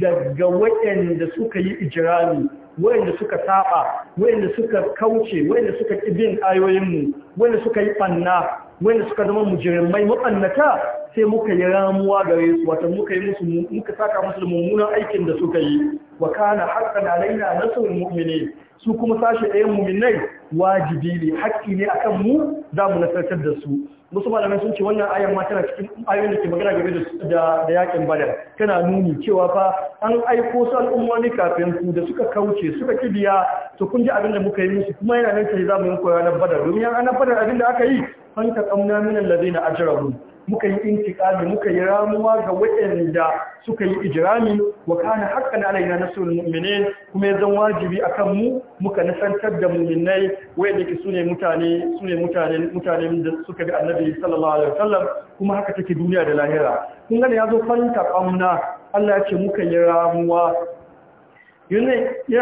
daga waɗanda suka yi ijirami wayanda suka saba wayanda suka kauce wayanda suka kibin ayoyinmu wayanda suka yi banna wanda suka zama mujirmai maɓannata sai muka yi ramuwa gare su wata muka yi musu muka saka musu da mummunan aikin da suka yi wa kana haqqan na nasrul mu'minin su kuma sashi ɗayan mu'minai wajibi ne haƙƙi ne akan mu za mu nasartar da su musu malamai sun ce wannan ayan ma tana cikin ayoyin da ke magana game da yakin badar tana nuni cewa fa an aiko su al'ummomi kafin ku da suka kauce suka kibiya to kun ji abin da muka yi musu kuma yana nan sai za mu yi koyo na badar domin an badar abin da aka yi fanta kamna min allazina ajramu muka yi intiqami muka yi ramuwa ga waɗanda suka yi ijrami wa kana haqqan alaina nasrul mu'minin kuma ya zan wajibi akan mu muka nasantar da mu'minai waɗanda ke sune mutane sune mutane mutane da suka bi annabi sallallahu alaihi wasallam kuma haka take duniya da lahira kun ga ya zo fanta kamna Allah ya ce muka yi ramuwa ya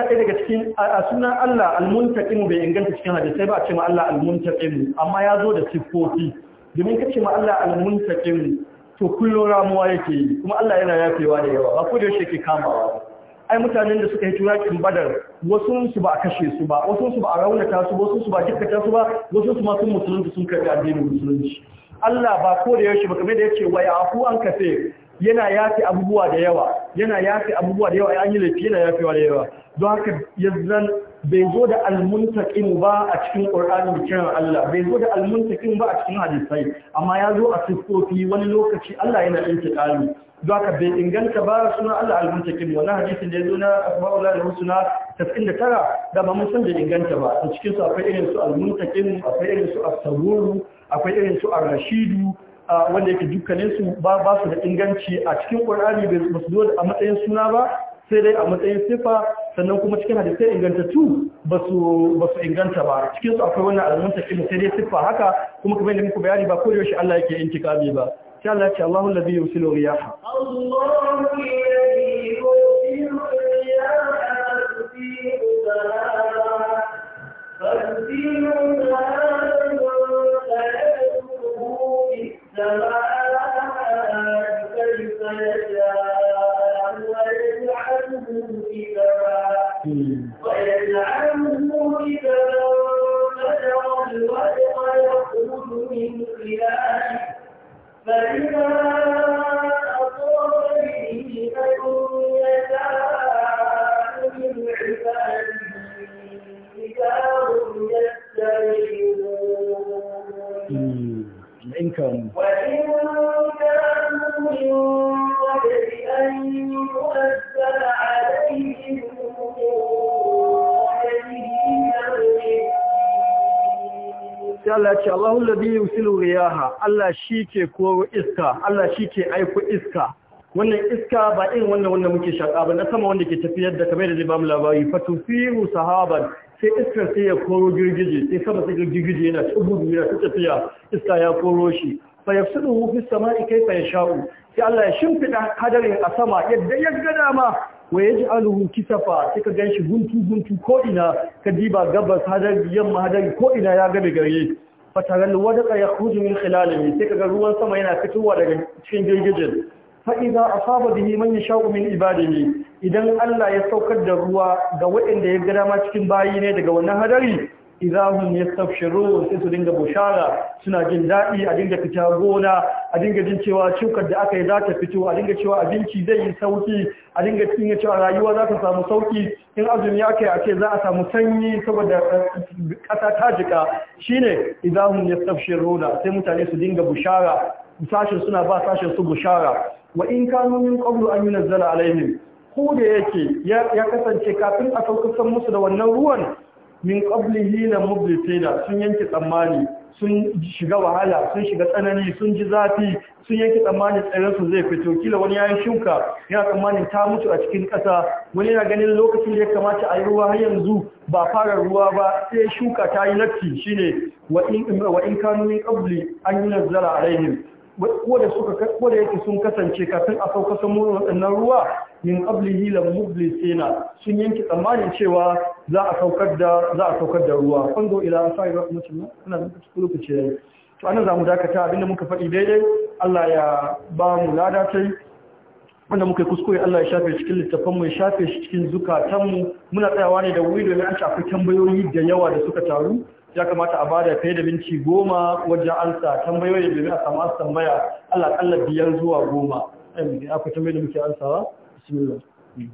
ɗaya daga cikin a sunan Allah almuntaqimu bai inganta cikin sai ba a ce ma Allah almuntaqimu amma ya zo da sifofi domin kace ma Allah almuntaqimu to kullo ramuwa yake yi kuma Allah yana yafewa da yawa ba ko da yake ke kamawa ai mutanen da suka yi turakin badar wasu ba a kashe su ba wasu ba a raunata su wasu ba a jikkata su ba wasu su ma sun musulunci sun karbi addinin musulunci Allah ba ko da yaushe ba kamar da yake wai yafu an kafe yana yafi abubuwa da yawa yana yafi abubuwa da yawa an yi laifi yana yafewa da yawa don haka yanzan bai zo da almuntaqin ba a cikin Qur'ani da kiran Allah bai zo da almuntaqin ba a cikin hadisai amma ya zo a sifofi wani lokaci Allah yana intiqali don haka bai inganta ba suna Allah almuntaqin wannan hadisin da ya zo na asma'ul da husna 99 da tara, da ba mun san da inganta ba a cikin su akwai irin su almuntaqin akwai irin su as akwai irin su ar-rashidu wanda yake dukkanin su ba su da inganci a cikin ƙwararri ba su zo a matsayin suna ba sai dai a matsayin sifa sannan kuma cikin hadisai ingantattu ba su inganta ba cikin su akwai wannan alamun takin sai dai sifa haka kuma kuma yadda muku bayani ba ko yaushe Allah yake intikami ba sai Allah ya ce riyaha riyaha Allah shi ke koro iska Allah shi ke aiko iska wannan iska ba irin wannan wanda muke shaƙa ba na sama wanda ke tafiyar da kamar da zai bamu labari fatufiru sahaban sai iskar sai ya koro girgije sai sama sai girgije yana tsubudu yana ta tafiya iska ya koro shi fa yafsudu fi samai kayfa yasha'u sai Allah ya shimfida hadarin a sama yadda ya ga dama wa ya ji aluhu kisafa sai ka gan shi guntu-guntu ko'ina ka diba gabas hadari yamma hadari ko'ina ya gabe gare fataral ya yakhruju min khilalihi sai kaga ruwan sama yana fitowa daga cikin girgijin fa idza asaba bihi man yashau min ibadihi idan Allah ya saukar da ruwa ga waɗanda ya gada ma cikin bayi ne daga wannan hadari Izahun ya tafshiru sai su dinga bushara suna jin daɗi a dinga fita gona a dinga jin cewa shukar da aka yi za ta fito a dinga cewa abinci zai yi sauki a dinga cewa rayuwa za ta samu sauki in azumi ya kai a ce za a samu sanyi saboda ƙasa ta jika shine izahun ya tafshiru sai mutane su dinga bushara sashen suna ba sashen su bushara wa in kanu min qablu an yunzala alaihim ko da yake ya kasance kafin a saukar musu da wannan ruwan min qablihi la mublisina sun yanke tsammani sun shiga wahala sun shiga tsanani sun ji zafi sun yanke tsammani su zai fito kila wani yayin shuka yana tsammanin ta mutu a cikin ƙasa wani yana ganin lokacin da ya kamata a yi ruwa har yanzu ba fara ruwa ba sai shuka ta yi latti shine wa in kanu min qabli an a alaihim ko da suka ko da yake sun kasance kafin a sauka samu waɗannan ruwa min qablihi la mublisina sun yanki tsammanin cewa za a saukar da za a saukar da ruwa fango ila sai rahmatullah kana da cikin lokaci to anan zamu dakata abinda muka faɗi daidai Allah ya ba mu lada tai wanda muka kuskure Allah ya shafe cikin littafan mu ya shafe shi cikin zukatanmu muna tsayawa ne da wuri domin an shafi tambayoyi da yawa da suka taru ya kamata a bada fiye da minti goma wajen ansa tambayoyi domin a samu tambaya Allah alaƙalla biyar zuwa goma akwai tambayi da muke ansawa bismillah hmm.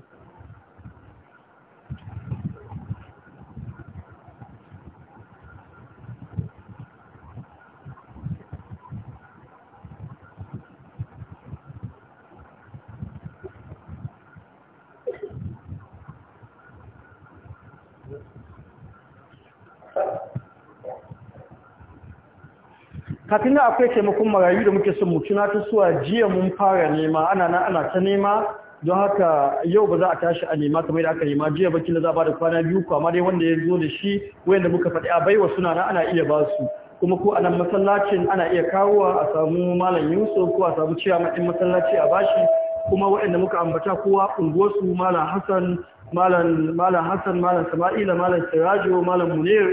kafin na akwai taimakon marayu da muke son mu ta suwa jiya mun fara nema ana nan ana ta nema don haka yau ba za a tashi a nema kamar da aka nema jiya bakin da za ba da kwana biyu ko amma dai wanda ya zo da shi da muka faɗi a baiwa suna na ana iya ba su kuma ko a nan masallacin ana iya kawowa a samu malam yusuf ko a samu ciya ɗin masallaci a bashi kuma waɗanda muka ambata kowa unguwarsu malam hassan malam malam hassan malam sama'ila malam sirajo malam munir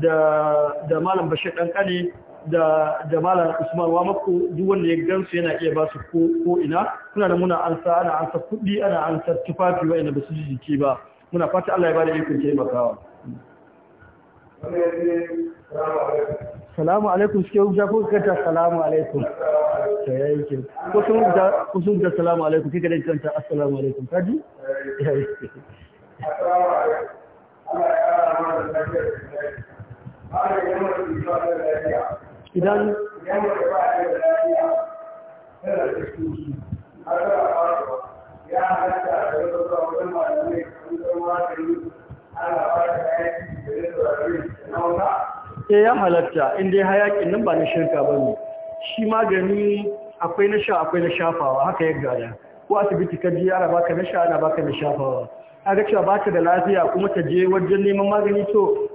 da da malam bashir ɗan da da malam Usman wa mako duk wanda ya gansu yana iya ba su ko ko ina kuna da muna ansa ana ansa kudi ana ansa tufafi ina ba su ji jiki ba muna fata Allah ya bada ikon taimakawa salamu alaikum suke wuce ko kanta salamu alaikum ta yayi ke ko sun da ko sun da salamu alaikum kika da kanta assalamu alaikum kaji yayi ke da ya idan ya eh, ya halatta inda ya hayakin nan ba na shirka ba ne shi magani akwai na sha akwai na shafawa haka ya gada ko asibiti ka ji ana baka na sha ana baka na shafawa a ga cewa ba ta da lafiya kuma ta je wajen neman magani to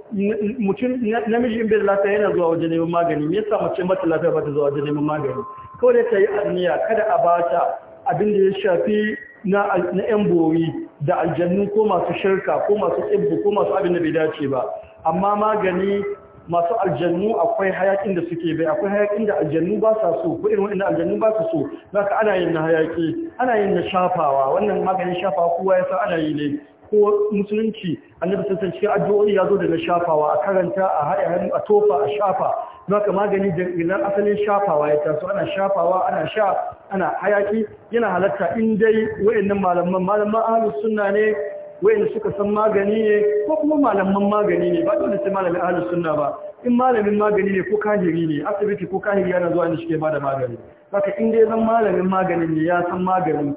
mutum namiji in bai lafiya yana zuwa wajen neman magani me yasa mace mata lafiya ba ta zuwa wajen neman magani kawai dai ta yi anniya kada a bata abin da ya shafi na yan bori da aljannu ko masu shirka ko masu tsibbu ko masu abin da bai dace ba amma magani masu aljannu akwai hayakin da suke bai akwai hayakin da aljannu ba sa so ko irin wanda aljannu ba su so ka ana yin na hayaki ana yin na shafawa wannan maganin shafawa kowa ya san ana yi ne ko musulunci annabi sun sanci addu'o'i ya zo daga shafawa a karanta a haɗa a tofa a shafa Na ka magani da ina asalin shafawa ya taso ana shafawa ana sha ana hayaki yana halatta in dai wayannan malaman malaman ahlus sunna ne wayanda suka san magani ne ko kuma malaman magani ne ba dole sai malamin ahlus sunna ba in malamin magani ne ko kahiri ne asibiti ko kahiri yana zuwa ne shi ke bada magani haka in dai zan malamin maganin ne ya san maganin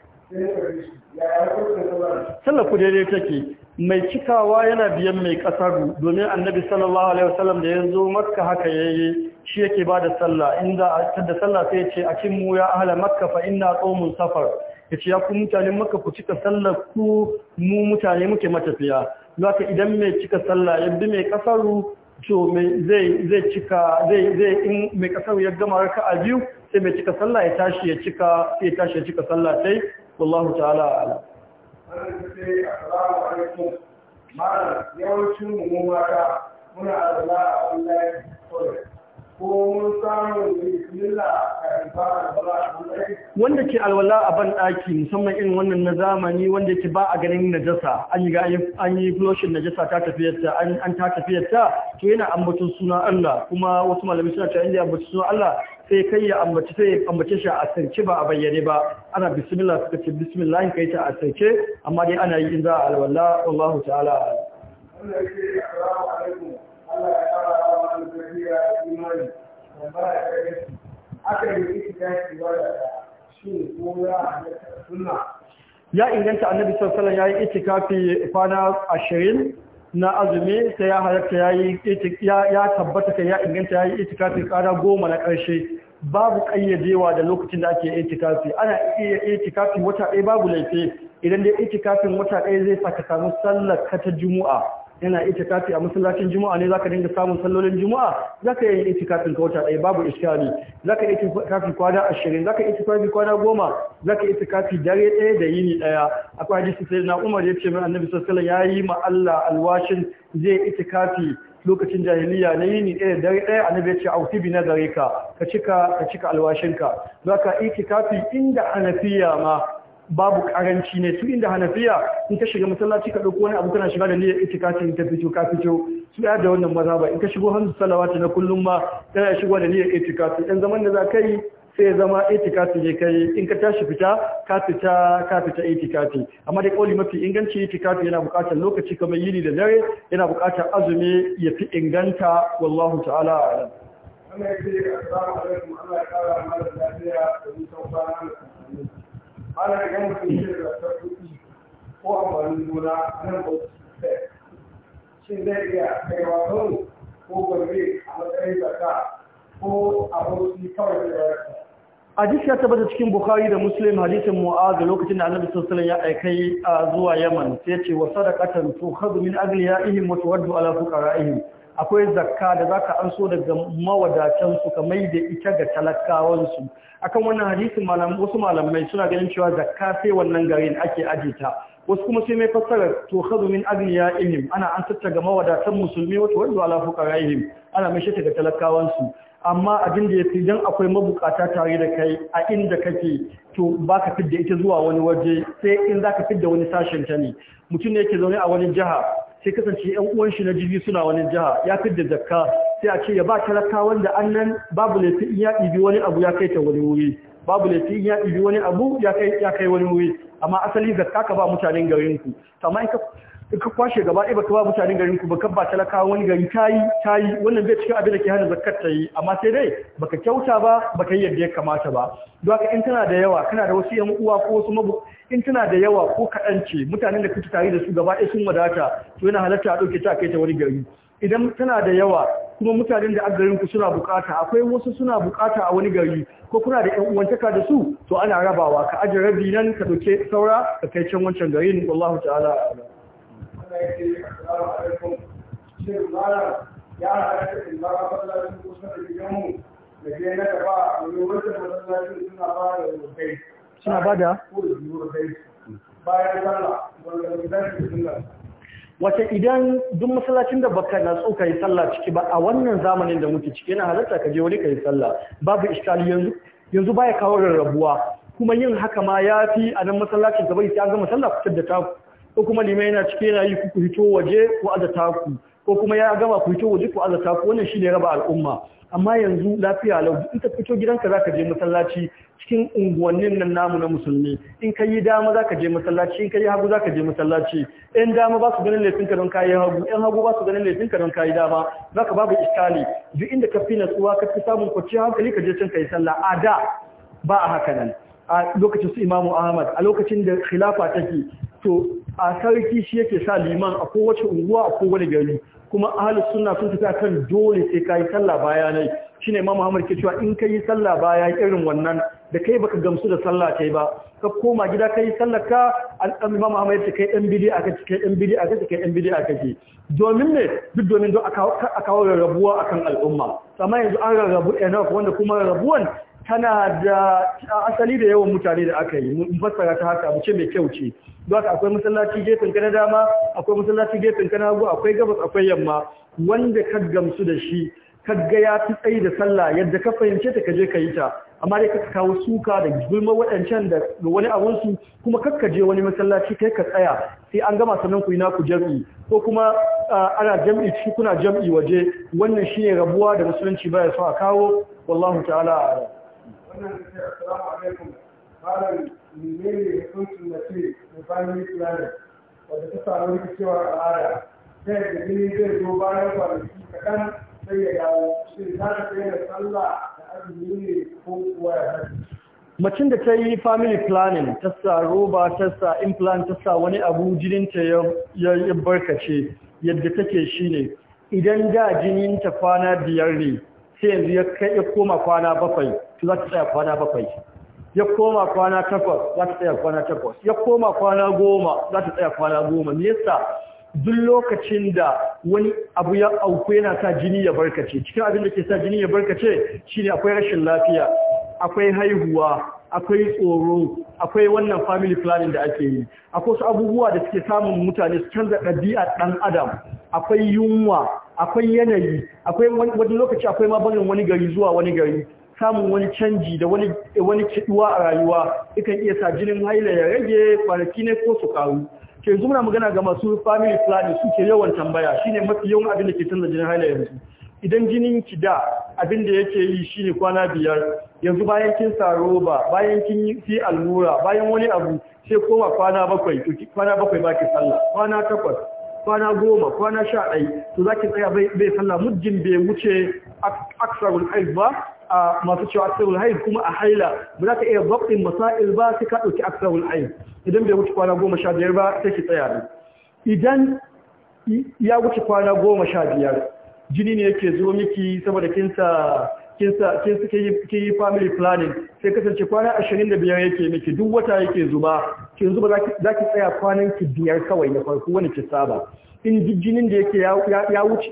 sallar ku daidai take mai cikawa yana biyan mai kasaru domin annabi sallallahu alaihi wasallam da yanzu makka haka yayi shi yake bada sallah inda da sallah sai ya ce mu ya ahla makka fa inna qaumun safar ce ya ku mutanen makka ku cika sallar ku mu mutane muke matafiya zaka idan mai cika sallah ya bi mai kasaru to mai zai zai cika zai zai in mai kasaru ya gama raka'a biyu sai mai cika sallah ya tashi ya cika sai ya tashi ya cika sallah sai wallahu ta'ala ala yawancin mu mata muna da za'a Allah wanda ke alwala a ban ɗaki musamman irin wannan na zamani wanda ke ba a ganin najasa an yi an yi najasa ta tafiyarta an ta tafiyarta to yana ambatun suna Allah kuma wasu malami suna cewa inda ya ambaci suna Allah sai kai ya ambaci sai ambace shi a sarki ba a bayyane ba ana bismillah suka ce bismillah kai ta a sarki amma dai ana yi in za a alwala wallahu ta'ala Allah ya kara wa wannan tafiya imani tambaya ta gaske aka yi iki dace ba da shi ko ya halatta sunna ya inganta annabi sallallahu alaihi wasallam yayi itikafi kwana ashirin na azumi sai ya halatta ya yayi ya tabbata kai ya inganta ya yi iti kafi kwana goma na ƙarshe babu ƙayyadewa da lokacin da ake iti kafi ana iya iti kafi wata ɗaya babu laifi idan dai iti kafin wata ɗaya zai saka samu sallar kata juma'a yana itikafi a masallacin juma'a ne zaka dinga samun sallolin juma'a zaka yi itikafin ka wata ɗaya babu iskali zaka yi itikafi kwana 20 zaka yi itikafi kwana 10 zaka yi itikafi dare ɗaya da yini ɗaya akwai hadisi sai na Umar yace mai Annabi sallallahu alaihi wasallam yayi ma Allah alwashin zai itikafi lokacin jahiliya na yini ɗaya dare ɗaya annabi ya ce auti bi nazarika ka cika ka cika alwashinka zaka itikafi inda hanafiya ma babu karanci ne su inda hanafiya in ka shiga masallaci ka dauko wani abu kana shiga da niyyar itikafi in ka fito ka fito su ya da wannan maza ba in ka shigo hanzu salawati na kullum ma kana shigo da niyyar itikafi dan zaman da za ka yi sai ya zama itikafi ne kai in ka tashi fita ka fita ka fita itikafi amma da kauli mafi inganci itikafi yana buƙatar lokaci kamar yini da dare yana buƙatar azumi ya fi inganta wallahu ta'ala a'lam wannan yake assalamu alaikum Allah ya kara lafiya da mutum kwana da ana da yan mutum shi da ta kuɗi ko amfanin gona nan ba shi zai iya kaiwa kawai ko gwarbe a matsayin zaka ko aboki kawai da yarasa hadisi ya tabbata cikin bukhari da muslim hadisin mu'az lokacin da annabi sallallahu ya aikai zuwa yaman sai ya ce wa sadaqatan tukhadhu min aghniyaihim wa tuwaddu ala fuqaraihim akwai zakka da za zaka anso daga mawadatansu ka mai da ita ga talakawansu. akan wannan hadisin malam wasu malamai suna ganin cewa zakka sai wannan garin ake ajita wasu kuma sai mai fassara to khadhu min agniya ihim ana an tattaga mawadatan musulmi wato wanda ala ihim, ana mai shi ga talakawansu. amma abin da yafi dan akwai mabukata tare da kai a inda kake to baka fidda ita zuwa wani waje sai in zaka fidda wani sashen ta ne mutum ne yake zaune a wani jiha sai kasance yan uwan shi na jibi suna wani jiha ya da zakka sai a ce ya ba talaka wanda annan babu laifin in ya ɗibi wani abu ya kai ta wani wuri babu laifin in ya ɗibi wani abu ya kai ya wani wuri amma asali zakka ka ba mutanen garinku. ku amma in ka ka kwashe gaba ɗaya baka ba mutanen garin ku baka ba talakawa wani gari ta yi ta yi wannan zai cikin abin da ke hana zakkar ta yi amma sai dai baka kyauta ba baka yi yadda ya kamata ba don haka in tana da yawa kana da wasu yan uwa ko wasu mabu in tana da yawa ko kaɗan ce mutanen da kuka tare da su gaba ɗaya sun wadata to yana halatta a ɗauke ta a kai ta wani gari idan tana da yawa kuma mutanen da garin ku suna bukata akwai wasu suna bukata a wani gari ko kuna da ƴan uwantaka da su to ana rabawa ka ajiye rabi nan ka dauke saura ka kai can wancan garin wallahi ta'ala yake idan duk masallacin da baka na so ka yi sallah ciki ba a wannan zamanin da muke ciki yana halatta ka je wani ka yi sallah babu iskali yanzu yanzu baya kawo rarrabuwa kuma yin haka ma ya fi a nan masallacin gaba an gama sallah fitar da taku ko kuma Limai yana cike yana yi ku hito waje ku azata ku ko kuma ya gama ku fito waje ko ku azata ku wannan shine raba al'umma amma yanzu lafiya lau in ka fito gidanka ka je masallaci cikin unguwannin nan namu na musulmi in ka yi dama ka je masallaci in ka yi hagu ka je masallaci in dama ba su ganin laifin ka don kayi hagu in hagu ba su ganin laifin ka don kayi dama Za zaka babu iskali duk inda ka fi natsuwa ka fi samun kwanciyar hankali ka je can ka yi sallah a da ba a haka nan a lokacin su imamu ahmad a lokacin da khilafa take to a sarki shi yake sa liman a kowace unguwa a kowane gari kuma ahalus sunna sun fita kan dole sai kai sallah baya ne shine imam Muhammad ke cewa in kai sallah baya irin wannan da kai baka gamsu da sallah kai ba ka koma gida kai sallar ka al imam Muhammad ya kai dan bid'a ka kai dan bid'a ka kai dan bid'a ka domin ne duk domin don a kawo rabuwa akan al'umma amma yanzu an rarrabu enough wanda kuma rarrabuwan tana da asali da yawan mutane da aka yi mu fassara ta haka mu ce mai kyau ce don akwai masallaci gefen kana dama akwai masallaci gefen kana hagu akwai gabas akwai yamma wanda ka gamsu da shi ka ga ya tsayi da sallah yadda ka fahimce ta ka je ka yi ta amma dai ka kawo suka da gulma waɗancan da wani abunsu kuma kakka je wani masallaci kai ka tsaya sai an gama sannan ku yi naku jam'i ko kuma ana jam'i ciki kuna jam'i waje wannan shine rabuwa da musulunci baya so a kawo wallahu ta'ala wannan da ce assalamu alaikum malam menene hukuncin da ce da family planning wadda ta samu rikicewar al'ada ta da jini zai zo bayan kwanaki kaɗan sai ya dawo shi za ta tsaye da sallah da azumi ne ko kuwa ya hajji macin da ta yi family planning ta sa roba ta sa implant ta sa wani abu jininta ya barkace yadda take shi ne idan da jininta kwana biyar ne sai yanzu ya koma kwana bakwai za ta tsaya kwana bakwai ya koma kwana takwas za ta tsaya kwana takwas ya koma kwana goma za ta tsaya kwana goma me duk lokacin da wani abu ya auku yana sa jini ya barkace cikin abin da ke sa jini ya barkace shine akwai rashin lafiya akwai haihuwa akwai tsoro akwai wannan family planning da ake yi akwai su abubuwa da suke samun mutane su canza ɗabi'a ɗan adam akwai yunwa akwai yanayi akwai wani lokaci akwai ma barin wani gari zuwa wani gari samun wani canji da wani kiduwa a rayuwa ikan iya sa jinin haila ya rage kwanaki ne ko su karu ke yanzu muna magana ga masu family planning suke yawan tambaya shine mafi yawan abin da ke canza jinin haila yanzu idan jinin ki da abin da yake yi shine kwana biyar yanzu bayan kin sa roba bayan kin yi allura bayan wani abu sai koma kwana bakwai kwana bakwai baki sallah kwana takwas kwana goma kwana sha ɗai to za ki tsaya bai sallah muddin bai wuce aksarul aiz ba a masu cewa aksarul haid kuma a haila ba za ka iya babin masail ba sai ka ɗauki aksarul idan bai wuce kwana goma sha biyar ba sai ki tsaya ne idan ya wuce kwana goma sha biyar jini ne yake zo miki saboda kinsa kinsa kin yi family planning sai kasance kwana ashirin da biyar yake miki duk wata yake zuba kin zuba ki tsaya kwanan ki biyar kawai na farko wani ki saba in jinin da yake ya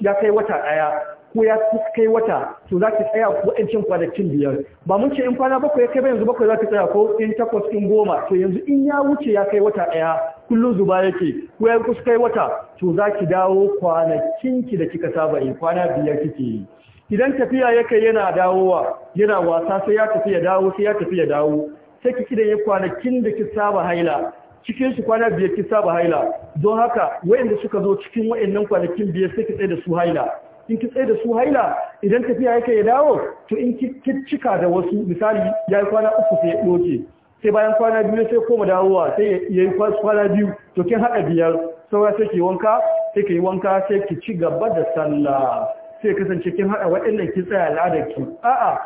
ya kai wata ɗaya. ko ya kai wata to za ki tsaya wa'ancan kwanakin biyar ba mun ce in kwana bakwai ya kai ba yanzu bakwai za ki tsaya ko in takwas in goma to yanzu in ya wuce ya kai wata ɗaya kullum zuba yake ko ya kusa kai wata to za ki dawo kwanakin ki da kika saba yi kwana biyar kike yi idan tafiya ya kai yana dawowa yana wasa sai ya tafi ya dawo sai ya tafi ya dawo sai ki kidan ya kwanakin da ki saba haila cikin su kwana biyar ki saba haila don haka wayanda suka zo cikin wayannan kwanakin biyar sai ki tsaye da su haila in ki tsaye da su haila idan tafiya yake ya dawo to in ki cika da wasu misali ya yi kwana uku sai ya ɗoke sai bayan kwana biyu sai koma dawowa sai ya yi kwana biyu to kin haɗa biyar saura sai ki wanka sai ki yi wanka sai ki ci gaba da sallah sai kasance kin haɗa waɗannan ki tsaya al'adar ki a'a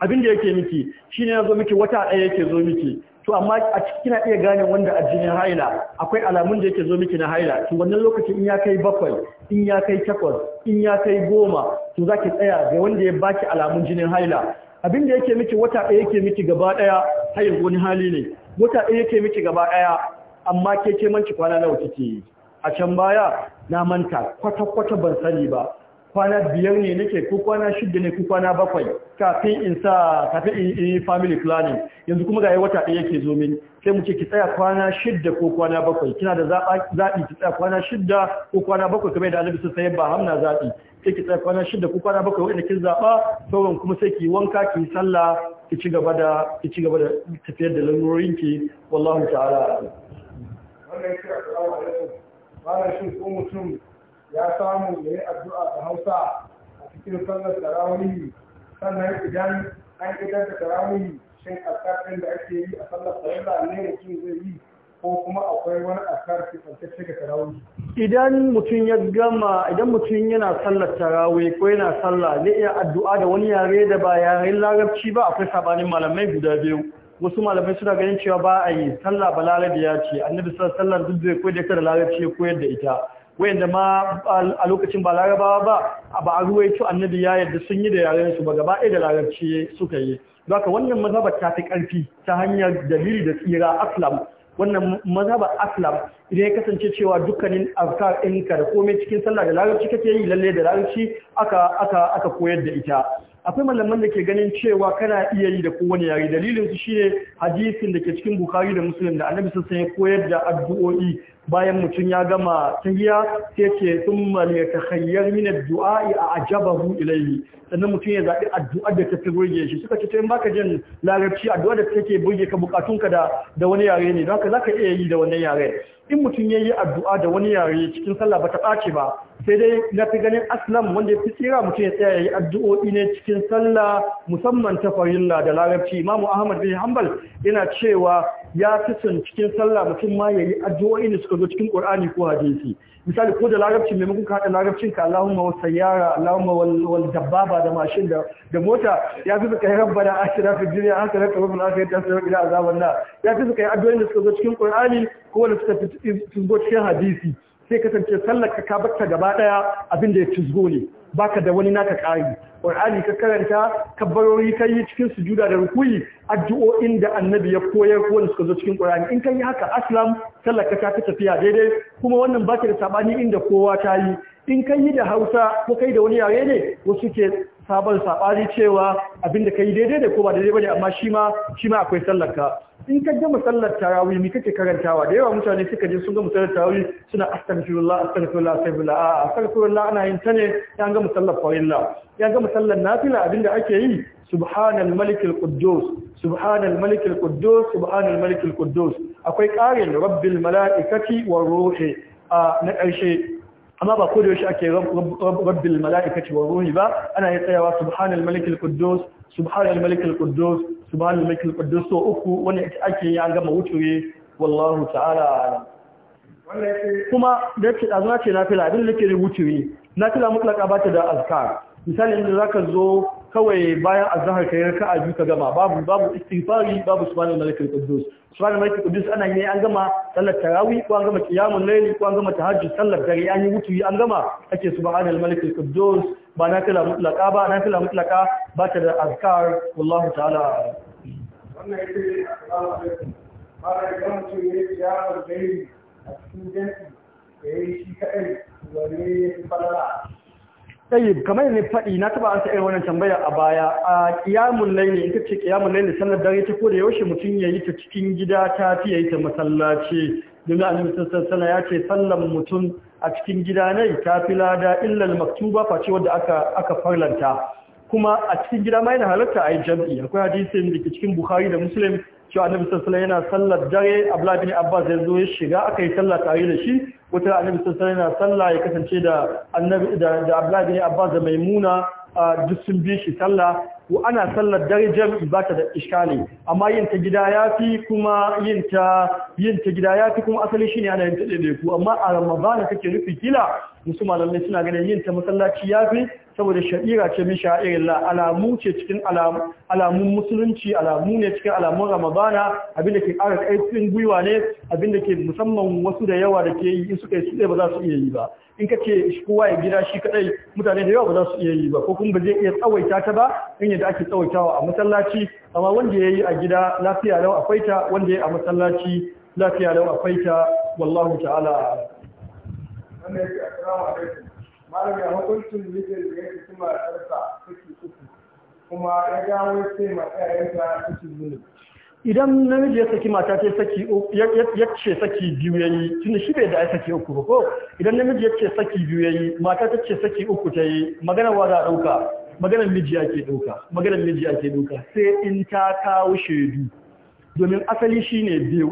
abin da yake miki shine yazo miki wata ɗaya yake zo miki to amma a kina iya gane wanda a jinin haila akwai alamun da yake zo miki na haila to wannan lokacin in ya kai bakwai in ya kai takwas in ya kai goma to zaki tsaya ga wanda ya baki alamun jinin haila abin da yake miki wata ɗaya yake miki gaba ɗaya hayin wani hali ne wata ɗaya yake miki gaba ɗaya amma ke ke manci kwana nawa kike a can baya na manta kwata kwata ban sani ba kwana biyar ne nake ko kwana shida ne ko kwana bakwai kafin in sa kafin in yi family planning yanzu kuma ga wata ɗaya yake zo mini sai muke ki tsaya kwana shida ko kwana bakwai kina da zaɓi ki tsaya kwana shida ko kwana bakwai kamar da annabi sun sayar ba hamna zaɓi sai ki tsaya kwana shida ko kwana bakwai wanda kin zaɓa sauran kuma sai ki wanka ki sallah ki ci gaba da ki ci gaba da tafiyar da lamurorinki wallahu ta'ala. Wannan shi a ƙarar da shi ko mutum ya samu ya yi addu'a da hausa a cikin sallar tarawihi sannan idan an idan da tarawihi shin asar da ake yi a sallar farilla ne mutum zai yi ko kuma akwai wani asar a ga tarawih idan mutum ya gama idan mutum yana sallar tarawih ko yana sallah zai iya addu'a da wani yare da ba yaren larabci ba akwai sabanin malamai guda biyu wasu malamai suna ganin cewa ba a yi sallah balarabiya ce annabi sallallahu alaihi wasallam duk zai koyar da ita da larabci ya koyar da ita da ma a lokacin ba larabawa ba a ba a ruwaito annabi ya yadda sun yi da yaren su ba gaba ɗaya da larabci suka yi haka wannan mazhabar ta fi ƙarfi ta hanyar dalili da tsira aslam wannan mazhabar aslam idan ya kasance cewa dukkanin afkar ɗinka da komai cikin sallah da larabci kake yi lalle da larabci aka aka aka koyar da ita akwai malaman da ke ganin cewa kana iya yi da kowane yare dalilin su shine hadisin da ke cikin bukari da muslim da annabi sun ya koyar da addu'o'i bayan mutum ya gama tahiya sai ce thumma yatakhayyar min du'ai a a'jabahu ilayhi sannan mutum ya zabi addu'a da ta fi burge shi suka ce to baka jin larabci addu'a da take burge ka bukatunka da da wani yare ne don zaka iya yi da wani yare in mutum ya yi addu'a da wani yare cikin sallah ba ta ɓace ba sai dai na fi ganin aslam wanda ya fi tsira mutum ya tsaya ya yi addu'o'i ne cikin sallah musamman ta farilla da larabci imamu ahmad bin hanbal yana cewa ya kasance cikin sallah mutum ma yayi addu'o'i da suka zo cikin Qur'ani ko hadisi misali ko da larabci maimakon ka hada larabcin ka Allahumma wasayyara, Allahumma wal dabbaba da mashin da da mota ya fi yi rabbana akhira fi dunya akhira ka rabbana akhira ta sai ila azaban na. ya fi yi addu'o'i da suka zo cikin Qur'ani ko da suka zo cikin hadisi sai kasance sallar ka ka batta gaba daya abin da ya tuzgo ne baka da wani naka ƙari qur'ani ka karanta kabbarori ka yi cikin sujuda da rukuyi addu'o'in da annabi ya koyar ko suka zo cikin qur'ani in yi haka aslam sallaka ta tafiya daidai kuma wannan baki da sabani inda kowa ta yi in kai yi da Hausa ko kai da wani yare ne wasu ke sabon sabani cewa abinda yi daidai da ko ba daidai ne amma shi ma akwai sallaka in ka gama musallar tarawih me kake karantawa da yawa mutane suka je sun ga musallar tarawih suna astaghfirullah astaghfirullah astaghfirullah a astaghfirullah ana yin ta ne ya ga musallar farilla ya ga musallar nafila abinda ake yi subhanal malikil quddus subhanal malikil quddus subhanal malikil quddus akwai ƙarin rabbil mala'ikati war ruhi na karshe amma ba ko da yaushe ake rabbil mala'ikati war ruhi ba ana yi tsayawa subhanal malikil quddus subhanal malikil quddus subhanal malikul quddus so uku wannan ita ake yi an gama wuce wallahu ta'ala kuma da yake azuma ce nafila abin da ke rubuce nafila mutlaka ba ta da azkar misali inda zaka zo kawai bayan azhar kai raka'a biyu ka gama babu babu istighfari babu subhanal malikul quddus subhanal malikul quddus ana yi an gama sallar tarawih ko an gama qiyamul layl ko an gama tahajjud sallar dare an yi wuce an gama ake subhanal malikul quddus ba na fila mutlaka ba na fila mutlaka ba ta da azkar wallahu ta'ala wannan yake assalamu alaikum fara yawan ce ne ya albai a cikin jinsi da yayi shi kadai wanne ya tsaye kamar ne faɗi na taɓa ansa irin wannan tambaya a baya a kiyamun laili ita ce kiyamun laili sanar dare ta ko da yaushe mutum ya yi ta cikin gida ta fi ya yi ta masallaci domin annabi sallallahu ya ce sallan mutum a cikin gida ne ta fi lada illal maktuba face wanda aka aka farlanta kuma a cikin gida ma yana halatta a yi jam'i akwai hadisin da cikin bukhari da muslim cewa annabi sallallahu yana sallar dare abdullahi bin abbas ya zo ya shiga aka yi sallah tare da shi wata annabi sallallahu yana sallah ya kasance da annabi da da abdullahi bin abbas da maimuna duk sun bi shi sallah ko ana sallar dare jami'i ba ta da iskali amma yin ta gida yafi kuma yin ta yin ta gida yafi kuma asali shine ana yin ta dade ku amma a ramadan kake nufi kila musu malamai suna ganin yin ta masallaci yafi saboda shari'a ce min shairin alamu ce cikin alamun musulunci alamu ne cikin alamun ramadana abinda ke ƙara ƙarfin gwiwa ne abinda ke musamman wasu da yawa da ke yi in suka yi su ba za su iya yi ba in ka ce kowa ya gida shi kaɗai mutane da yawa ba za su iya yi ba ko kuma ba zai iya tsawaita ta ba in yadda ake tsawaitawa a masallaci amma wanda ya yi a gida lafiya lau akwai ta wanda ya yi a masallaci lafiya lau akwai ta wallahu ta'ala. Wannan ya malam ya hukuncin mijin da ya fi matarsa suke suke kuma ya dawo sai matsayarsa suke zunubi idan namiji ya saki mata ta saki ya ce saki biyu ya yi, tun shi bai da ai saki uku ba ko idan namiji ya ce saki biyu ya yi, mata ta ce saki uku ta yi magana wa za a dauka maganar miji ake dauka maganar miji ake dauka sai in ta kawo shaidu domin asali shi ne biyu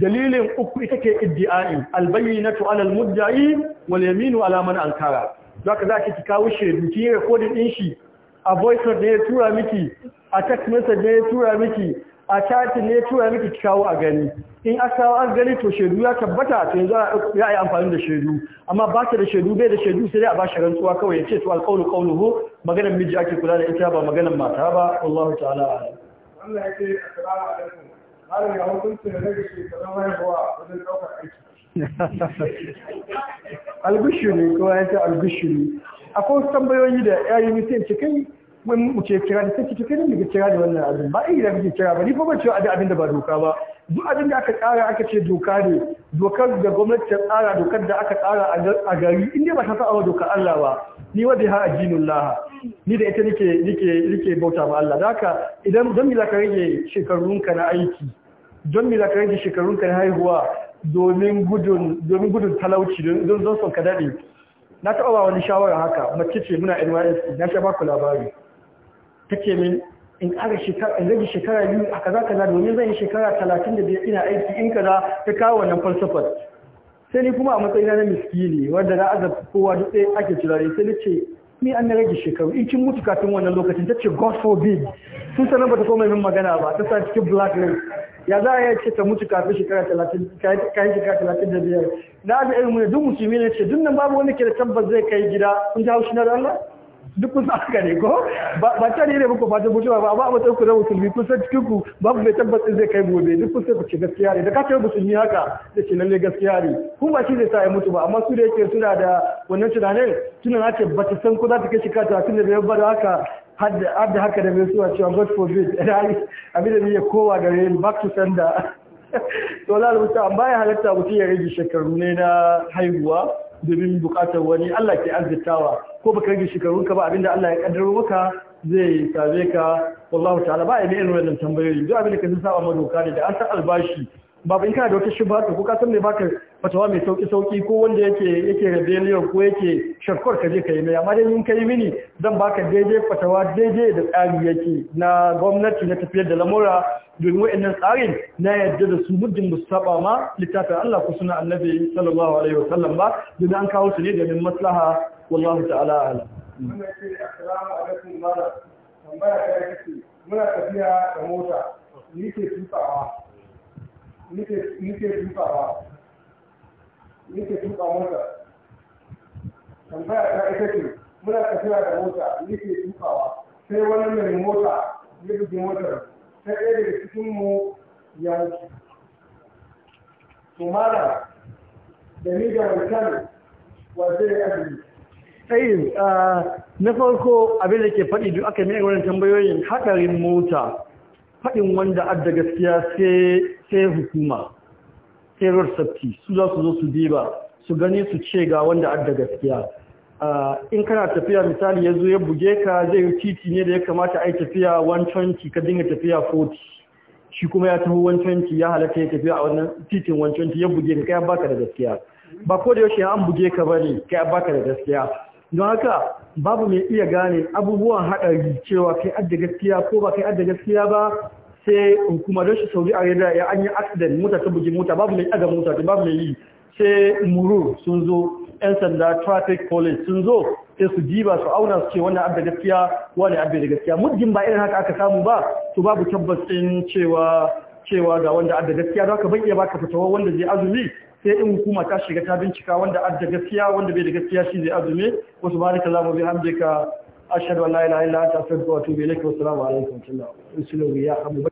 dalilin uku ita ke iddi'a'in albayyinatu alal mudda'i wal yaminu ala man ankara za ka za ki kawo shaidu ki yi rekodin din shi a voice ne ya tura miki a text message ne ya tura miki a chatin ne ya tura miki ki kawo a gani in aka kawo an gani to shaidu ya tabbata to yanzu ya yi amfani da shaidu amma ba da shaidu bai da shaidu sai dai a bashi rantsuwa kawai ya ce to alƙawlu qawluhu maganar miji ake kula da ita ba maganan mata ba wallahi ta'ala Allah ya ce assalamu alaikum har ne ko ya ce algushu ne akwai wasu tambayoyi da ya yi mutum ce kai mu kira da Sai kai ne kira da wannan abin ba iya da muke kira ba ni ba ban cewa abin da ba doka ba duk abin da aka tsara aka ce doka ne dokar da gwamnati ta tsara dokar da aka tsara a gari in dai ba ta tsara doka Allah ba ni wadda ha ajinun laha ni da ita nike nike nike bauta ma Allah da haka idan dan mi zaka rage shekarunka na aiki don me za ka rage shekarun kan haihuwa domin gudun talauci don zon son ka daɗe na taɓa ba wani shawarar haka mace ce muna nysc na sha baku labari ta ke min in rage shekara biyu a kaza kaza domin zan yi shekara talatin da biyar ina aiki in kaza ta kawo wannan falsafar sai ni kuma a matsayina na miskini wanda na aza kowa duk ɗaya ake turare sai ni ce ni an rage shekaru in kin mutu kafin wannan lokacin ta ce god forbid sun sanar ba ta koma min magana ba ta sa cikin Black blacklist ya za a yi ce ta mutu kafin shekara talatin kayan shekara talatin da biyar na ga irin mun duk musulmi ne ce duk nan babu wani ke da tabbas zai kai gida kun ji haushi na da Allah duk kun aka haka ne ko ba ta ne ba ku fata mutuwa ba amma a matsayin ku na musulmi kun san cikin ku babu mai tabbas zai kai gobe duk kun ku ce gaskiya ne da ka ce musulmi haka da ce lalle gaskiya ne ku ba shi zai sa ya mutu ba amma su da yake suna da wannan tunanin tunan ce ba ta san ko za ta kai shekara talatin da biyar ba da haka har da haka da mai suwa cewa god forbid abin da ya kowa da rai, back to sender to la rubuta an baya halatta mutum ya rage shekaru ne na haihuwa domin bukatar wani Allah ke arzikawa ko baka rage shekarun ka ba abinda Allah ya kaddaro maka zai same ka ta ta'ala ba ne irin wannan tambayoyi duk abin da ka saba ma doka ne da an san albashi babu in kana da wata shubha ko ka san me baka fatawa mai sauƙi-sauƙi ko wanda yake yake rebellion ko yake shakkar ka je ka yi mai amma dai in ka yi mini zan baka daidai fatawa daidai da tsari yake na gwamnati na tafiyar da lamura domin wa'annan tsarin na yadda da su muddin musu saba ma littafin Allah ku suna annabi sallallahu alaihi wa sallam ba domin an kawo su ne domin maslaha wallahu ta'ala ala muna tafiya da mota nike tukawa nike tukawa nake tuka mota tambaya ta ita ce muna tafiya da mota nake tukawa sai wani mai mota ya buge motar sai ɗaya daga cikin mu ya wuce tumara da ni da wancan wace ya ajiye Ayi, na farko abin da ke faɗi duk aka mai wani tambayoyin haɗarin mota faɗin wanda adda gaskiya sai hukuma error sabti su za su zo su diba su gani su ce ga wanda da gaskiya in kana tafiya misali ya zo ya buge ka zai yi titi ne da ya kamata a yi tafiya 120 ka dinga tafiya 40 shi kuma ya taho 120 ya halatta ya tafiya a wannan titin 120 ya buge ka kai baka da gaskiya ba ko da yaushe an buge ka bane kai baka da gaskiya don haka babu mai iya gane abubuwan haɗari cewa kai adda gaskiya ko ba kai adda gaskiya ba sai hukumar shi saudi arabia ya an yi accident mota ta bugi mota babu mai aga mota ta babu mai yi sai murur sun zo yan sanda traffic police sun zo sai su jiba su auna su ce wannan da gaskiya wani abda da gaskiya muddin ba irin haka aka samu ba to babu tabbas din cewa cewa ga wanda da gaskiya za ka iya baka fitowa wanda zai azumi sai in hukuma ta shiga ta bincika wanda da gaskiya wanda bai da gaskiya shi zai azumi wasu ba Allah mu bai hamdika ashhadu an la ilaha illa anta astaghfiruka wa atubu ilaik wa assalamu alaikum wa rahmatullahi wa barakatuh